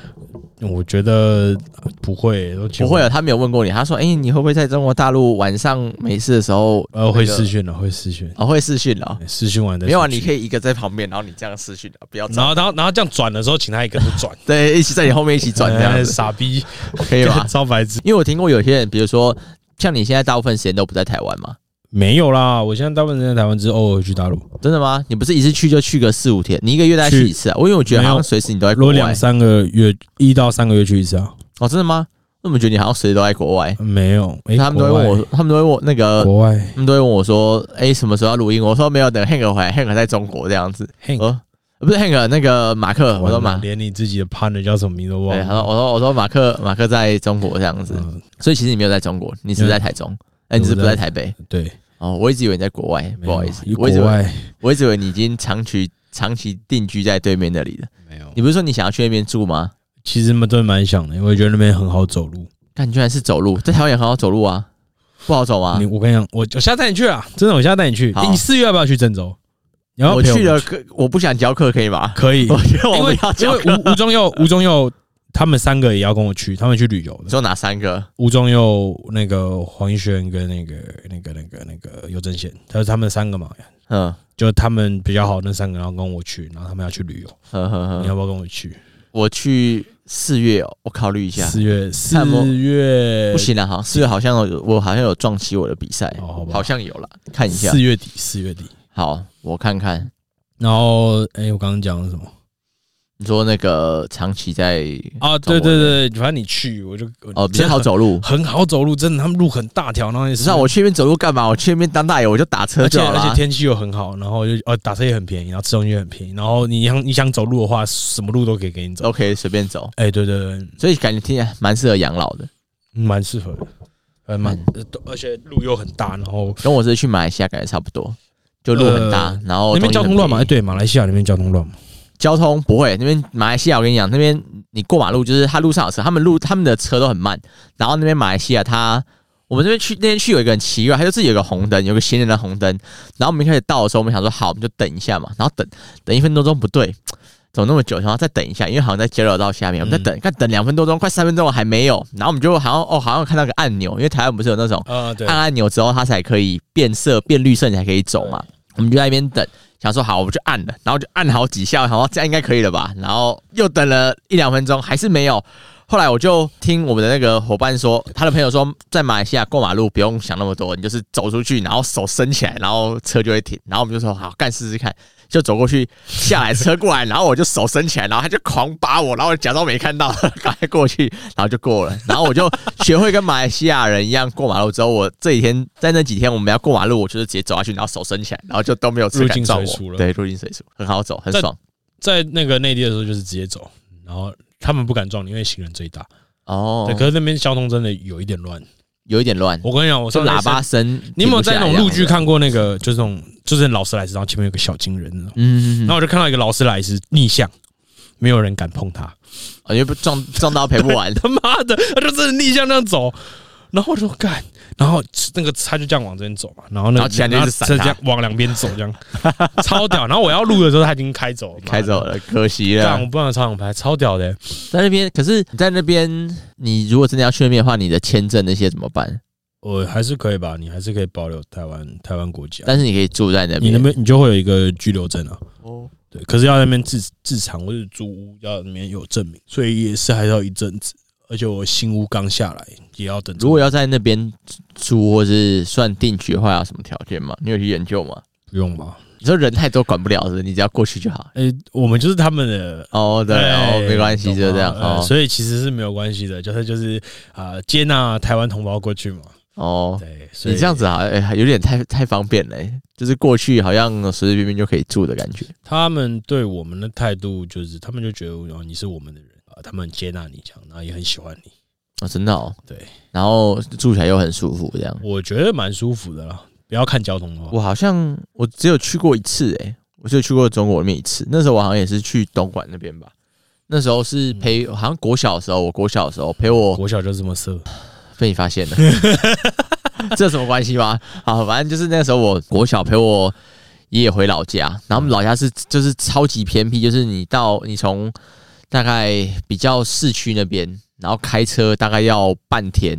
A: 我覺得不會、欸，不會啊，她沒有問過你。她說，哎、欸，你會不會在中國大陸晚上沒事的時候、那個，呃、哦，會視訊了，會視訊。啊、哦，會視訊了、哦，視、欸、訊完的，沒有啊，你可以一個在旁邊，然後你這樣視訊
B: 的，不要。然後，然後，然後這樣轉的時候，請他一個就轉， 對，一起在你後面一起轉，這樣、欸、傻
A: 逼，可以吧？超白痴。因為我聽過有些人，比如說像你現在大部分時間都不在台灣嘛。
B: 沒有啦，我現在大部分人在台灣，只是偶爾去大陸。真的嗎？你不是一次去就去個四五天？你一個月大概去幾次啊？我因為我覺得好像隨時
A: 你都在國外，如果兩三個月一到三個月去一次啊？哦，真的嗎？那麼覺得你好像隨時都在國外？沒有，欸、他們都,會問,我他們都會問我，他們都會我那個國外，他們都會問我說：“哎、欸，什麼時候要錄音？”我說：“沒有，等 Hank 回來，Hank 在中國這樣子。”哦，不是 Hank 那個馬克。”我說嘛：“馬克連你自己的 partner 叫什麼名都忘了。對”他說：“我說我說馬克，馬克在中國這樣子。嗯”所以其實你沒有在中國，你是,不是在台中。你是不在台北？對，哦，我一直以為你在國外，不好意思，以國外，我一直以為，我一直以為你已經長期長期定居在對面那裡了。沒有，你不是說你想要去那邊住嗎？其實蠻真蠻想的，因為我覺得那邊很好走路。但你居然是走路，在台灣也很好走路啊，嗯、不好走嗎？我跟你講，我我下次帶你去啊，真的，我下次帶你去。欸、你四月要不要去鄭州？然
B: 後我，我去了，可
A: 我不想教課，可以
B: 嗎？可以，因為因為吳吳中佑，吳中佑。 他們三個也要跟我去，他們去旅
A: 遊的。只有哪三個？
B: 吳中佑，那個黃逸軒跟那個、那個、那個、那個尤、那個、正賢。他說他們三個嘛，嗯，就他們比較好那三個，然後跟我去，然後他們要去
A: 旅遊。呵呵呵。你要不要跟我去？我去四月，我考慮一下。四月，有有四月不行了哈。四月好像有我好像有撞期我的比賽，好像有了，看一下。四月底，四月底。好，我看看。然後，哎、欸，我剛剛講了什麼？你說那個長期在啊，
B: 對對對，反正你去我就哦，很好走路很，很好走路，真的，他們路很大條。然後，那你知道我去
A: 那邊走路幹嘛？我去那邊當大爺，我就打車走，啊，而且天
B: 氣又很好，然後又，呃、啊、打車也很便宜，然後吃東西也很便宜。然後你想
A: 你想走路的話，什麼路都可以給你走，OK，隨便走。哎、欸，對對對，所以感覺聽起來蠻適合養老的，蠻、嗯、適合的，呃蠻、
B: 嗯、而且路又很大，然後
A: 跟我是去馬來西亞感覺差不多，
B: 就路很大，呃、然後那邊交通亂
A: 嗎？哎、欸，對，馬來西亞那邊交通亂嗎？交通不會，那邊馬來西亞我跟你講，那邊你過馬路就是他路上有車，他們路他們的車都很慢。然後那邊馬來西亞他，我們這邊去那邊去有一個很奇怪，他就是有個紅燈，有個行人的紅燈。然後我們一開始到的時候，我們想說好，我們就等一下嘛。然後等等一分多鐘不對，走那麼久？然後再等一下，因為好像在交流道下面，我們再等，再等兩分多鐘，快三分鐘了還沒有。然後我們就好像哦，好像看到個按鈕，因為台灣不是有那種按按鈕之後它才可以變色變綠色，你才可以走嘛。我們就在那邊等。想說好，我們就按了，然後就按好幾下，然後這樣應該可以了吧？然後又等了一兩分鐘，還是沒有。後來我就聽我們的那個夥伴說，他的朋友說，在馬來西亞過馬路不用想那麼多，你就是走出去，然後手伸起來，然後車就會停。然後我們就說好，幹試試看。就走過去，下來車過來，然後我就手伸起來，然後他就狂扒我，然後我假裝沒看到，趕快過去，然後就過了。然後我就學會跟馬來西亞人一樣過馬路。之後我這幾天在那幾天我們要過馬路，我就是直接走下去，然後手伸起來，然後就都沒有人敢撞我。入境隨俗了。對，入境隨俗，很好走，很爽。在,
B: 在那個內地的時候，就是直接走，然後他們不敢撞你，因為行人最大。
A: 哦、oh,，可是那邊
B: 交通真的有一點亂，
A: 有一點亂。我跟你講，我說喇叭聲，你有沒有在那種路劇看
B: 過那個，就是那種。就是勞斯萊斯，然後前面有個小金人那種，嗯哼哼，然後我就看到一個勞斯萊斯
A: 逆向，沒有人敢碰它。哦，因為撞撞到賠不完， 他
B: 媽的，他就是逆向這樣走，然後我就幹，然後那個他就這樣往這邊走嘛，
A: 然後呢、那個，然後就是車這樣往兩邊走，這樣
B: 超屌，然後我要錄的時候他已經開走了，
A: 開走了，可惜了，我不想超長拍，超屌的， 在那邊，可是你在那邊，你如果真的要去那邊的話，你的簽證那些怎麼辦？
B: 我還是可以吧，你還是可以保留台灣台灣國籍，但是
A: 你可以住在那邊。你那邊你就會有一個居留證啊。哦，對，可是要那邊置
B: 置產或是租屋，要那邊有證明，所以也是還要一陣子。而且我新屋
A: 剛下來，也要等。如果要在那邊住或是算定居的話，要什麼條件嗎？你有去研究嗎？不用吧，你說人太多管不了的，你只要過去就好。哎、欸，我們就是他們的哦，對、欸、哦，沒關係，就這樣、哦嗯。所以其
B: 實是沒有關係的，就是就是啊，接納台灣同胞過去嘛。
A: 哦，對，所以，你這樣子好像哎、欸，有點太太方便嘞、欸，就是過去好像隨隨便，便便就可以住的感覺。
B: 他們對我們的態度就是，他們就覺得哦，你是我們的人啊，他們接納你，這樣，然後也很喜歡你
A: 啊、哦，真的哦，對，然後住起來又很舒服，這樣，
B: 我覺得蠻舒服的啦。不要看
A: 交通的話，我好像我只有去過一次、欸，哎，我只有去過中國那一次，那時候我好像也是去東莞那邊吧，那時候是陪、嗯，好像國小的時候，我國小的時候陪我，國小就這麼色。被你發現了 這有什麼關係嗎？好，反正就是那時候，我國小陪我爺爺回老家，然後我們老家是就是超級偏僻，就是你到你從大概比較市區那邊，然後開車大概要半天，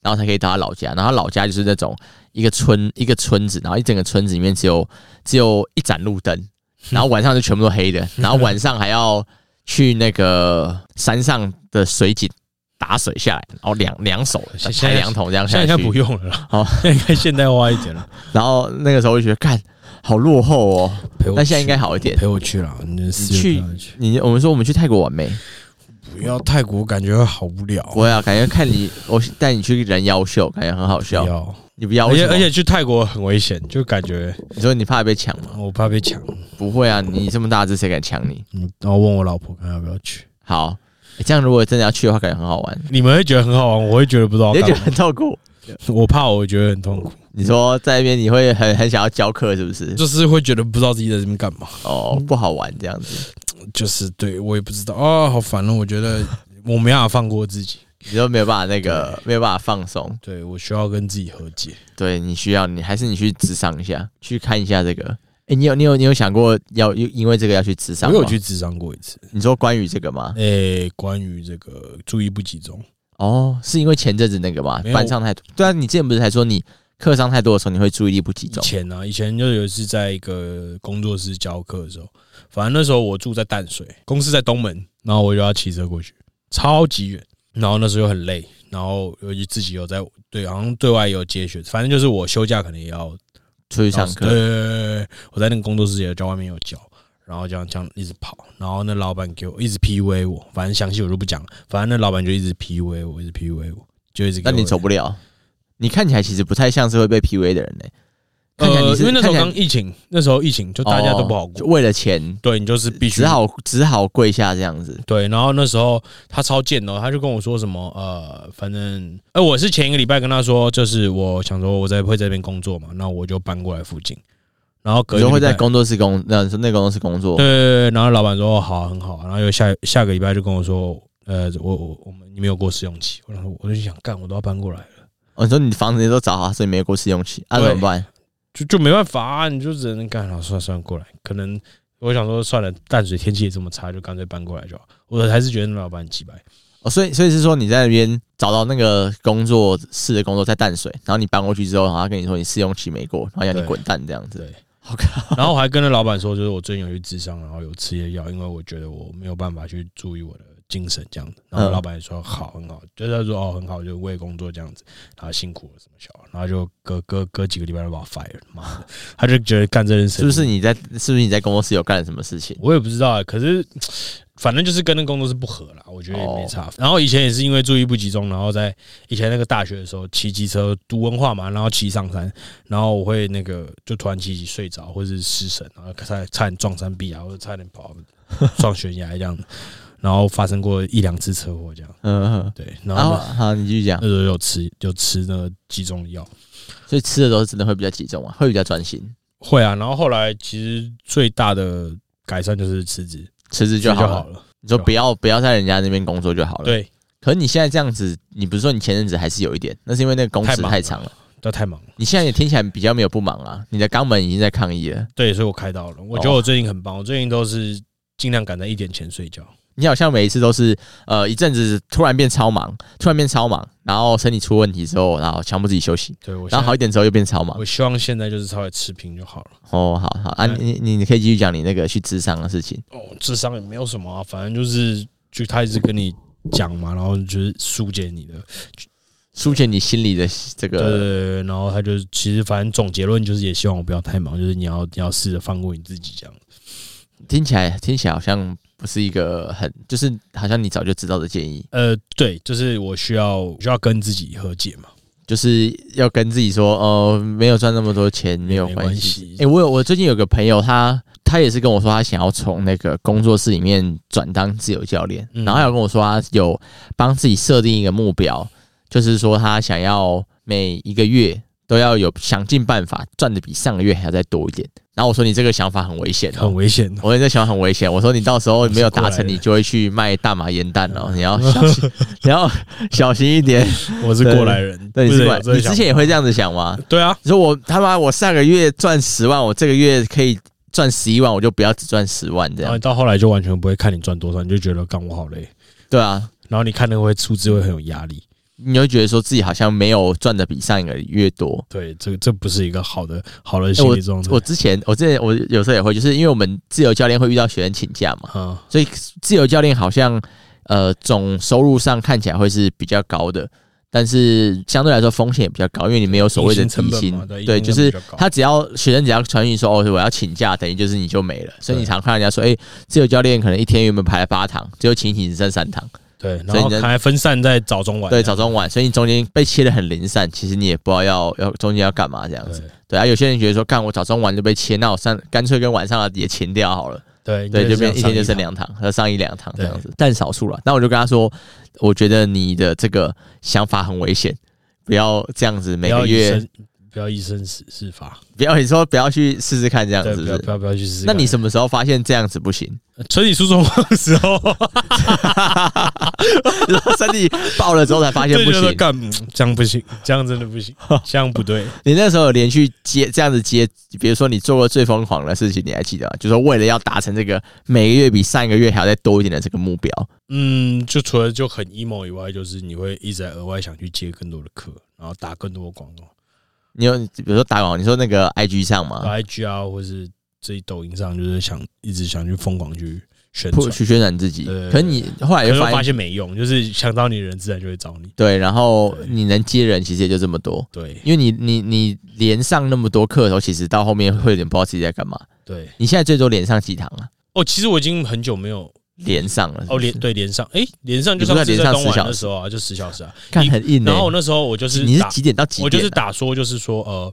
A: 然後才可以到他老家，然後老家就是那種一個村一個村子，然後一整個村子裡面只有只有一盞路燈，然後晚上就全部都黑的，然後晚上還要去那個山上的水井。打水下來，然後兩兩手抬兩桶這樣下去，現在，現在不用了，好、哦，現在應該現代化一點了。然後那個時候就覺得，幹，好落後哦。陪我去，那現在應該好一點，陪我去了。你去，你我們說我們去泰國玩沒？
B: 不要泰國，感覺好無聊。
A: 不要、啊，感覺看你，我帶你去人妖秀，感覺很好笑。有，你不要，而且而且去泰國很危險，就感覺你說你怕被搶嗎？我怕被搶，不會啊，你這麼大隻，誰敢搶你？
B: 嗯，然後問我老婆看要不要去。
A: 好。這樣如果真的要去的話，感覺很好玩。你們會覺得很好玩，我會覺得不知道。也 覺得很痛苦，我怕我覺得很痛苦。嗯、你說在那邊你會很很想要教課，是不是？就是會覺得不知道自己在這邊幹嘛哦，不好玩這樣子。就是對我也不知道啊，哦，好煩了、喔。我覺得我沒辦法放過自己，你都沒有辦法那個沒有辦法放鬆。對，我需要跟自己和解。對，你需要你還是你去諮商一下，去看一下這個。欸、你有你有你有想過要因為這個要去諮商，哦。我有去諮商過一次。你說關於這個嗎？誒、欸，關於這個，注意不集中哦，是因為前陣子那個嗎？班上太多。對啊，你之前不是還說你課上太多的時候你會注意力不集中？以前
B: 啊，以前就有一次在一個工作室教課的時候，反正那時候我住在淡水，公司在東門，然後我就要騎車過去，超級遠，然後那時候又很累，然後又自己有在對，好像對外也有接學，反正就是我休假可能也要。
A: 出去唱
B: 歌。對，對，對，對，我在那個工作室也在外面有教，然後這樣這樣一直跑，然後那老闆給我一直 PUA 我，反正詳細我就不講了，反正那老闆就一直 PUA 我，一直
A: PUA 我，就一直。但你走不了，你看起來其實不太像是會被 PUA 的人呢、欸。呃，因為那時候剛
B: 疫情，那時候疫情就大家都不好
A: 過，哦、就為了錢，對你就是必須只好只好跪下這樣子。對，然後那時候他超賤哦，他就跟我說什麼呃，
B: 反正呃，我是前一個禮拜跟他說，就是我想說我在會在這邊工作嘛，那我就
A: 搬過來附近，然後隔就會在工作室工，那你說那個公司工作，對對對，然後老闆
B: 說好，啊，很好，啊，然後又下下個禮拜就跟我說，呃，我我我們你沒有過試用期，然後我就想幹，我都要搬過來了。
A: 我，哦、說你房子你都找好，啊，所以沒有過試用期，那，啊，怎麼辦？對
B: 就就沒辦法啊，你就只能幹了，算算過來。可能我想說算了，淡水天氣
A: 也這麼差，就乾脆搬過來就好。
B: 我還是覺得那老闆很奇葩
A: 哦，所以所以是說你在那邊找到那個工作室的工作在淡水，然後你搬過去之後，然後他跟你說你試用期沒過，然後要你滾蛋這樣子。對
B: ，OK。然後我還跟那老闆說，就是我最近有去諮商，然後有吃些藥，因為我覺得我沒有辦法去注意我的。精神這樣的，然後老板也說好，很好，就他說哦，很好，就為工作這樣子，他辛苦了什麼小孩，然後就隔隔隔,隔幾個禮拜就把我 fire，媽的，他就覺得幹這
A: 件事是不是你在，是不是你在工作室有幹什麼事情、嗯？我也不知道，可是反正就是跟那工作室不合了，我覺得也沒差。然
B: 後以前也是因為注意不集中，然後在以前那個大學的時候，騎機車讀文化嘛，然後騎上山，然後我會那個就突然騎騎睡着，或者是失神，然後差差點撞山壁啊，或者差點跑撞懸崖這樣的。 然後發生過一兩次車禍，這樣嗯哼，嗯對，然後好，
A: 好，你繼續講，那時候有吃，有吃那個集中藥，所以吃的時候真的會比較集中啊，會比較專心，會啊。然後後來其實最大的改善就是辭職，辭職就，就好了，就好了。你說不要不要在人家那邊工作就好了，對。可是你現在這樣子，你不是說你前陣子還是有一點？那是因為那個工時太長了，那太忙了。太忙了。你現在也聽起來比較沒有不忙啊，你的肛門已經在抗議了。
B: 對，所以我開刀了。我覺得我最近很棒，哦、我最近都是盡量趕在一點前睡覺。
A: 你好像每一次都是呃一陣子突然變超忙，突然變超忙，然後身體出問題之後，然後強迫自己休息。對，然後好一點之後又變超忙。我希望現在就
B: 是稍微持平就好
A: 了。哦，好好啊，你你你可以繼續講你那個去諮商的事情。哦，諮
B: 商也沒有什麼啊，反正就是就他一直跟你講嘛，然後就是疏解你的疏解你心裡的這個。對，對，對，對，然後他就其實反正總結論就是也希望我不要太忙，就是你要你要試着放過你自己這樣。
A: 聽起來聽起來好像，不是一個很，就是好像你早就知道的建議。
B: 呃，對，就是我需要
A: 我需要跟自己和解嘛，就是要跟自己說，呃，沒有賺那麼多錢沒有關係。誒、欸，我有，我最近有個朋友，他他也是跟我說，他想要從那個工作室裡面轉當自由教練，嗯，然後他有跟我說，他有幫自己設定一個目標，就是說他想要每一個月。都要有想盡辦法賺的比上個月還要再多一點。然後我說，你這個想法很危險，很危險。我說你這想法很危險。我說你到時候沒有達成，你就會去賣大麻煙彈了。你要小心，你要小心一點。我是過來人，對，對，你是過來，你之前也會這樣子想嗎？對啊，你說我他媽我上個月賺十萬，我這個月可以賺十一萬，我就不要只賺十萬這樣。到後來就
B: 完全不會看你賺多少，你就覺得幹我好累。對啊，然後你看那個會出資會很有壓力。
A: 你會覺得說自己好像沒有賺的比上一個月多，對，這這不是一個好的好的心理狀態，欸。我之前我之前我有時候也會，就是因為我們自由教練會遇到學生請假嘛，嗯、所以自由教練好像呃總收入上看起來會是比較高的，但是相對來說風險也比較高，因為你沒有所謂的底薪，對，就是他只要學生只要傳訊說哦我要請假，等於就是你就沒了，所以你常，常看人家說哎、欸、自由教練可能一天原本排了八堂，最後請請只剩三堂。對，然後還分散在早中晚。對，對早中晚，所以你中間被切的很零散，其實你也不知道要要中間要幹嘛這樣子。對，對啊，有些人覺得說，幹我早中晚就被切，那我上乾脆跟晚上的也切掉好了。對對，就變一,一天就剩兩堂和上一兩堂這樣子，但少數啦。那我就跟他說，我覺得你的這個想法很危險，不要這樣子每個月。
B: 不要一身死，是發，
A: 不要你說不要去試試看這樣子是不是，不要，不要，不，要不要去試試。那你什麼時候發現這樣子不行？存你出衷的時候 你說身體爆了之後才發現不行，這樣
B: 不行，這樣真的不行，這樣不對。
A: 你那時候有連續接這樣子接，比如說你做過最瘋狂的事情，你還記得？就說是為了要達成這個每個月比上一個月還要再多一點的這個目標，
B: 嗯，就除了就很 emo 以外，就是你會一直在額外想去接更多的課，然後打更多的廣告。
A: 你有，比如說打廣告你說那個 I G 上嘛
B: ，I G 啊，或是自己抖音上，就是想一直想去瘋狂去
A: 宣傳，去宣傳自己。對對對對可可你後來又發,發現沒
B: 用，就是想到你的人自然就會找
A: 你。對，然後你能接人其實也就這麼多。對，因為你你你,你連上那麼多課的時候，其實到後面會有點不知道自己在幹嘛。對,對，你現在最多連上幾堂啊？
B: 哦，其實我已經很久沒有。連上了哦，連對連上，哎、欸，連上就是在連上十小時的時候啊，就十小時啊。看你很硬、欸。然後我那時候我就是你是幾點到幾點，啊？我就是打說就是說呃，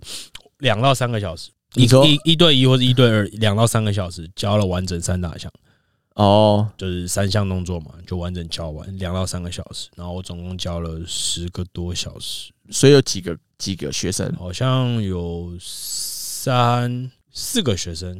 B: 兩到三個小時，一說一一對一或是一對二，兩到三個小時教了完整三大項。哦，oh,，就是三項動作嘛，就完整教完兩到三個小時，然後我總共教了十個多小時。
A: 所以有幾個幾個學生？
B: 好像有三四個學生，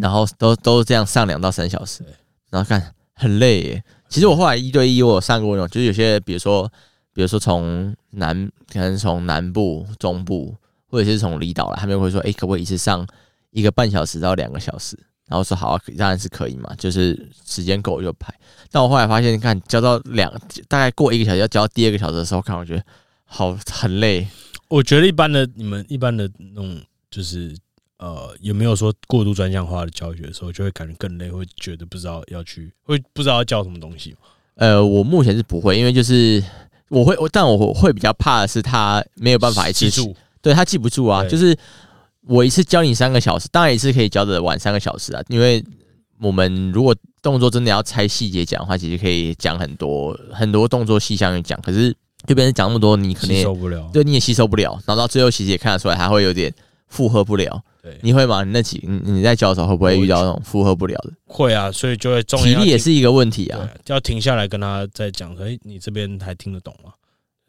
A: 然後都都這樣上兩到三小時，然後看。很累耶，其實我後來一對一我有上過那種，就是有些比如說，比如說從南，可能從南部、中部，或者是從離島來，他們會說，哎、欸，可不可以一次上一個半小時到兩個小時？然後說好、啊，當然是可以嘛，就是時間夠就拍。但我後來發現，你看，交到兩，大概過一個小時，要交到第二個小時的時候，看我覺得好很累。
B: 我覺得一般的，你們一般的那種就是。呃，有沒有說過度專項化的教學，的時候就會感覺更累，會覺得不知道要去，會不知道要教什麼東西？
A: 呃，我目前是不會，因為就是我會，我但我會比較怕的是他沒有辦法一次記住對，對他記不住啊。就是我一次教你三個小時，當然一次可以教得完三個小時啊。因為我們如果動作真的要拆細節講的話，其實可以講很多很多動作細項去講，可是這邊講那麼多，你肯定受不了對，對你也吸收不了，然後到最後其實也看得出來，還會有點負荷不了。對，你會嗎？你那幾你你在教的時候會不會遇到那種負荷不了的？
B: 會啊，所以就會重點要體力也是
A: 一個問題啊，
B: 啊要停下來跟他在講。哎、欸，你這邊還聽得懂嗎？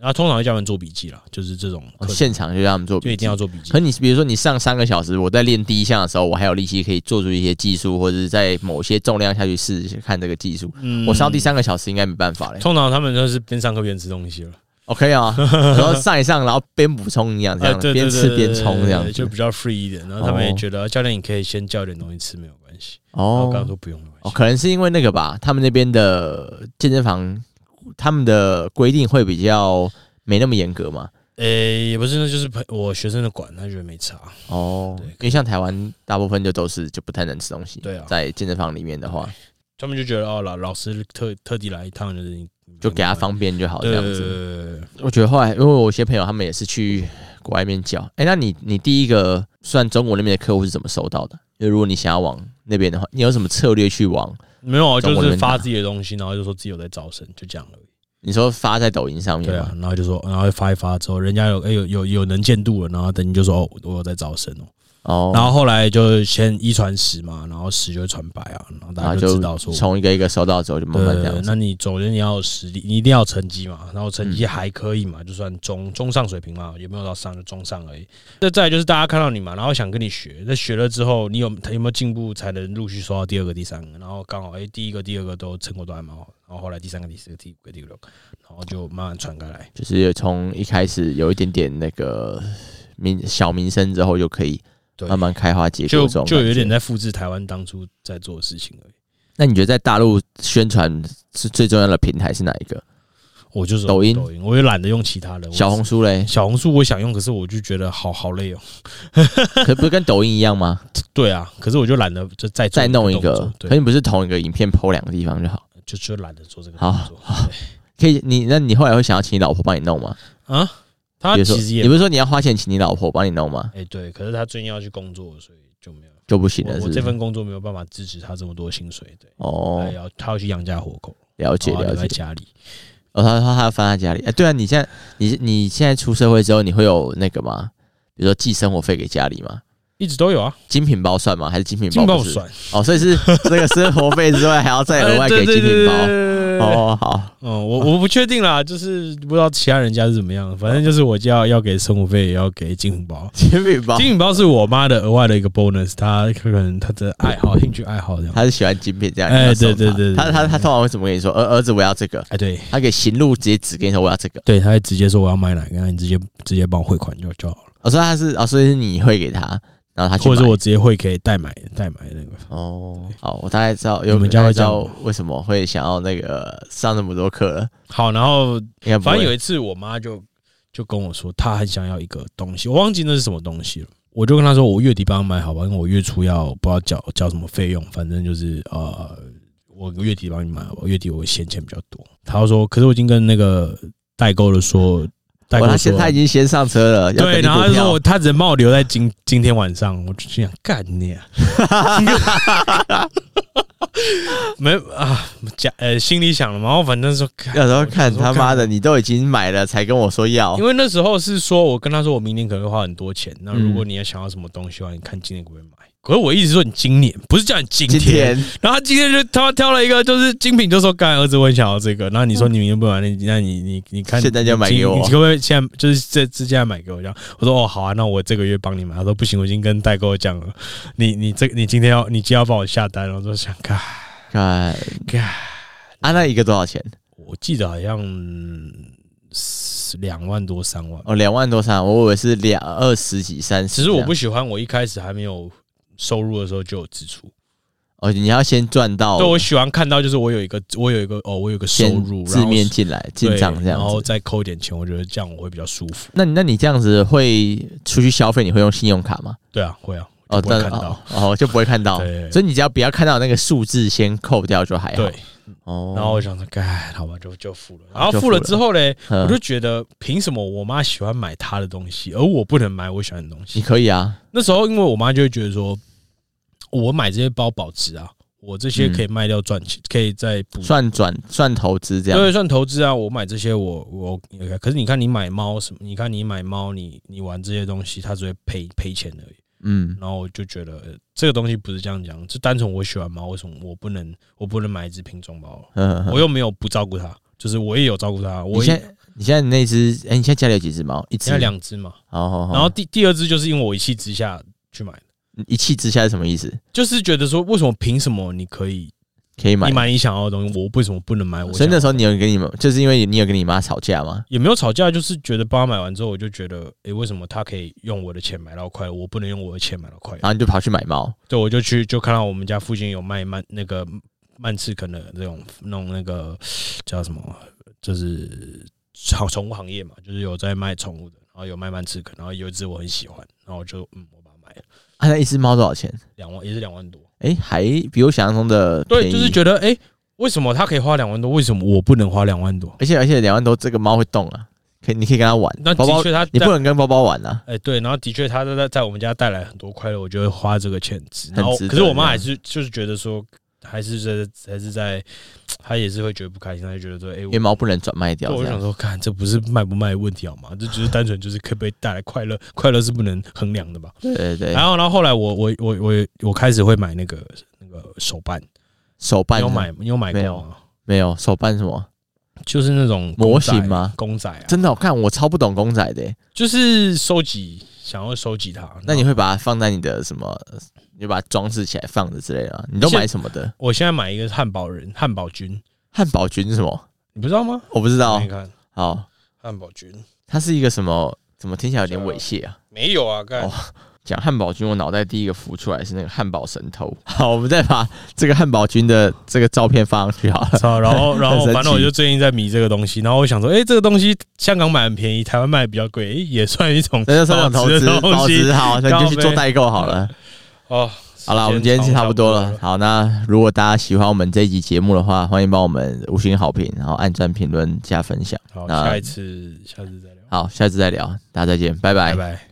B: 那、啊、通常會叫他們做筆記了，就是這種現
A: 場就讓他們做筆記，就一定要做筆記。可你比如說你上三個小時，我在練第一項的時候，我還有力氣可以做出一些技術，或者在某些重量下去試試看這個技術、嗯。我上第三個小時應該沒辦法了。
B: 通常他們就是邊上課邊吃東西了。
A: OK 啊、哦，然 後上一上，然後邊補充營養這樣，邊、哎、吃邊衝這樣子，就
B: 比較 free 一點。然後他們也覺得、啊哦，教練你可以先叫點東西吃，沒有關係。哦，我剛剛說不
A: 用哦，可能是因為那個吧，他們那邊的健身房，他們的規定會比較沒那麼嚴格嘛。
B: 誒、欸，也不是，那就是陪我學生的管，他覺得沒差
A: 哦。因為像台灣大部分就都是就不太能吃東西。對啊，在健身房裡面的話，
B: 他們就覺得哦，老老師特特地來一趟就是。
A: 就給他方便就好，這樣子。我覺得後來，因為我有些朋友他們也是去國外面教。哎，那你你第一個算中國那邊的客戶是怎麼收到的？就如果你想要往那邊的話，你有什麼策略去往？沒有啊，就是發
B: 自己的東西，然後就說自己有在招生，就這樣而
A: 已。你說發在抖音上面，對啊，然後
B: 就說，然後發一發之後，人家有哎有有有能見度了，然後等你就說哦，我有在招生哦。哦、oh，然後後來就先一傳十嘛，然後十就會傳百啊，然後大家就知道說，從、啊、一
A: 個一個收到之後就慢慢這樣。
B: 那你總之你要有實力，你一定要有成績嘛，然後成績還可以嘛，嗯、就算中中上水平嘛，也沒有到上，就中上而已。那再就是大家看到你嘛，然後想跟你學，那學了之後你有他有沒有進步，才能陸續收到第二個、第三個，然後剛好哎、欸，第一個、第二個都成果都還蠻好，然後後來第三個、第四個、第五個、第六個，然後就慢慢傳開來，就是
A: 從一開始有一點點那個名小名聲之後就可以。慢慢開花結果，就有點
B: 在複製台灣當初在做的事情而已。
A: 那你覺得在大陸宣傳是最重要的平台是哪一個？我就是抖音，我也懶得用其他的。小紅書嘞，小紅書我想用，可是我就覺得好好累哦、喔。 可不是跟抖音一樣嗎？對啊，可是我就懶得就再再弄一個。可是你不是同一個影片 PO 兩個地方就好，就就懶得做這個好。好，可以。你那你後來會想要請你老婆幫你弄嗎？啊？他其實也比如說，你不是說你要花錢請你老婆幫你弄嗎？
B: 哎、欸，對，可是他最近要去工作，所以就沒有就不行了是不是？我。我這份工作沒有辦法支持他這麼多薪水。對哦，他要，他要去養家活口，
A: 了解了解。他在家裡，哦，他他他放在家裡。哎、欸，對啊，你現在你你現在出社會之後，你會有那個嗎？比如說寄生活費給家裡嗎？一直都有啊，精品包算嗎？還是精品包不算？哦，所以是那個生活費之外，還要再額外給精品包好好、欸
B: 哦，好，嗯、哦，我我不確定啦，就是不知道其他人家是怎麼樣。反正就是我就要要給生活費，也要給精品包。精品包，精品包是我媽的額外的一個 bonus。她可能她的愛好、興趣愛好這樣，她
A: 是喜歡精品這樣。哎、欸，對對對、對、對、對，她她她通常會怎麼跟你說，兒兒子我要這個？哎、欸，對，她給行路直接指給你說我要這個，對，她會直
B: 接說我要買哪個，你直接直接幫我匯款就就好了。我說她是、哦，所以是你匯給她。然
A: 後他就是或者我直接會可以代買，代買那個。哦，好，我大概知道因為我們家會知道為什麼會想要那個上那麼多課了。好，然後反正有一
B: 次我媽就就跟我說，她很想要一個東西，我忘記那是什麼東西
A: 了。我就跟她說，我月
B: 底幫她買好吧，因為我月初要不知道交交什麼費用，反正就是呃，我月底幫你買好吧，月底我閒錢比較多。她就說，可是我已經跟那個代購了說。
A: 我他現他已經先上車
B: 了，對，然後他說我他只能把我留在今今天晚上，
A: 我就想幹你啊！ 沒
B: 啊，講，呃，心裡想的嘛，我反正說
A: 到時候看他媽的，你都已經買了才跟我說要，因
B: 為那時候是說我跟他說我明天可能會花很多錢，那如果你要想要什麼東西的話，你看今天會不會買？可是我一直說你今年，不是叫你今天，今天然後他今天就他挑了一個，就是精品，就說乾兒子，我很想要這個。然後你說你明天不買，嗯、那你你你看你，現在就買給我你，你可不可以現在，就是現在就是這之前買給我這樣。我說哦好啊，那我這個月幫你買。他說不行，我已經跟代購講了，你你這你今天要你今天要幫我下單。然後我說想看
A: 看看，啊，那一個多少錢？
B: 我記得好像兩萬多三萬
A: 哦，兩萬多三，我以為是兩二十幾三十。其實我不喜
B: 歡，我一開始還沒有。收入的時候就有支出，
A: 哦，你要先賺到對。對，我
B: 喜歡看到就是我有一個，我有一個哦，我有個收入，然面進來進賬這樣子，然後再扣一點錢，我覺得這樣我會比較舒服。
A: 那你那你這樣子會出去消費？你會用信用卡嗎？對啊，會啊。哦，不會看到，哦就不會看到，哦哦就不會看到對對對，所以你只要不要看到那個數字先扣掉就還好。對，哦。然後我想說，哎，好吧，就就付了。然後付了之後呢，我就
B: 覺得憑什麼我媽喜歡買她的東西，而我不能買我喜歡的東西？你可以啊。那時候因為我媽就會覺得說。我買這些包保值啊，我這些可以賣掉賺錢，嗯，可以
A: 再補。算轉算投資這樣？對，
B: 算投資啊！我買這些我，我我可是你看，你買貓什麼？你看你買貓，你你玩這些東西，它只會賠賠錢而已。嗯，然後我就覺得這個東西不是這樣講，就單純我喜歡貓，為什麼我不能我不能買一隻品種貓？嗯，我又沒有不照顧它，就是我也有照顧它我。你現
A: 在你現在那隻？哎、欸，你現在家裡有幾隻貓？一隻？兩隻嘛，好好好。然後
B: 第第二隻就是因為我一氣之下去買
A: 一氣之下是什麼意思？
B: 就是覺得說，為什麼憑什麼你可以
A: 可以買你想要的東西，我為什麼不能買？我所以那時候你有跟你媽，就是因為你有跟你媽吵架嗎？
B: 也沒有吵架，就是覺得幫他買完之後，我就覺得，哎、欸，為什麼他可以用我的錢買到快樂，我不能用我的錢買到
A: 快樂。然後你就跑去買貓？
B: 對，我就去就看到我們家附近有賣那個曼赤肯的這種弄那，那個叫什麼，就是好寵物行業嘛，就是有在賣寵物的，然後有賣曼赤肯，然後有一隻我很喜歡，然後我就嗯，我把它買
A: 了。他、啊、那一隻貓多少錢？兩萬，也是兩萬多。哎、欸，還比我想象中的便宜。對，就是覺得哎、欸，為什麼他可以花兩萬多？為什麼我不能花兩萬多？而且而且兩萬多，這個貓會動啊，可以，你可以跟他玩。那的確，他你不能跟包包玩啊。
B: 哎、欸，對，然後的確，他在在我們家帶來很多快樂，我就會
A: 花這個錢
B: 值。很值。可是我媽還是就是覺得說。還是在還是在，他也是會覺得不開心，他就覺得說：“誒、欸、因為貓不能轉賣掉。”我想說，看這不是賣不賣的問題好嗎？這就是單純就是可不可以帶來快樂， 快樂是不能衡量的吧？對對,對。然後，然後後來我我我我我開始會買那個那個手辦，手辦你有買你有
A: 買沒有沒有手辦什麼？就是那種模型嗎？公仔、啊、真的好看，我超不懂公仔的、欸，
B: 就是收集想要收集它。
A: 那你會把它放在你的什麼？你就把它裝飾起來放着之類的、啊，你都買什麼的？現
B: 我現在買一個漢堡人、漢堡軍、
A: 漢堡軍是什麼？你不知道嗎？我不知道。你看，好，
B: 漢堡軍，
A: 它是一個什麼？怎麼聽起來有點猥褻啊？沒有啊，剛才，哦，講漢堡軍，我腦袋第一個浮出來是那個漢堡神偷。好，我們再把這個漢堡軍的這個照片放上去好了、啊。然後然後反正我就
B: 最近在迷這個東西，然後我想說，哎、欸，這個東西香港買很便宜，台灣賣比較貴，也算一種投資投資，投資好，那就去做代購好
A: 了。哦，好了，我們今天就差，差不多了。好，那如果大家喜歡我們這一集節目的話，歡迎幫我們五星好評，然後按讚、評論、加分享。好，那，下一次，下次再聊。好，下次再聊，大家再見，拜拜，拜拜。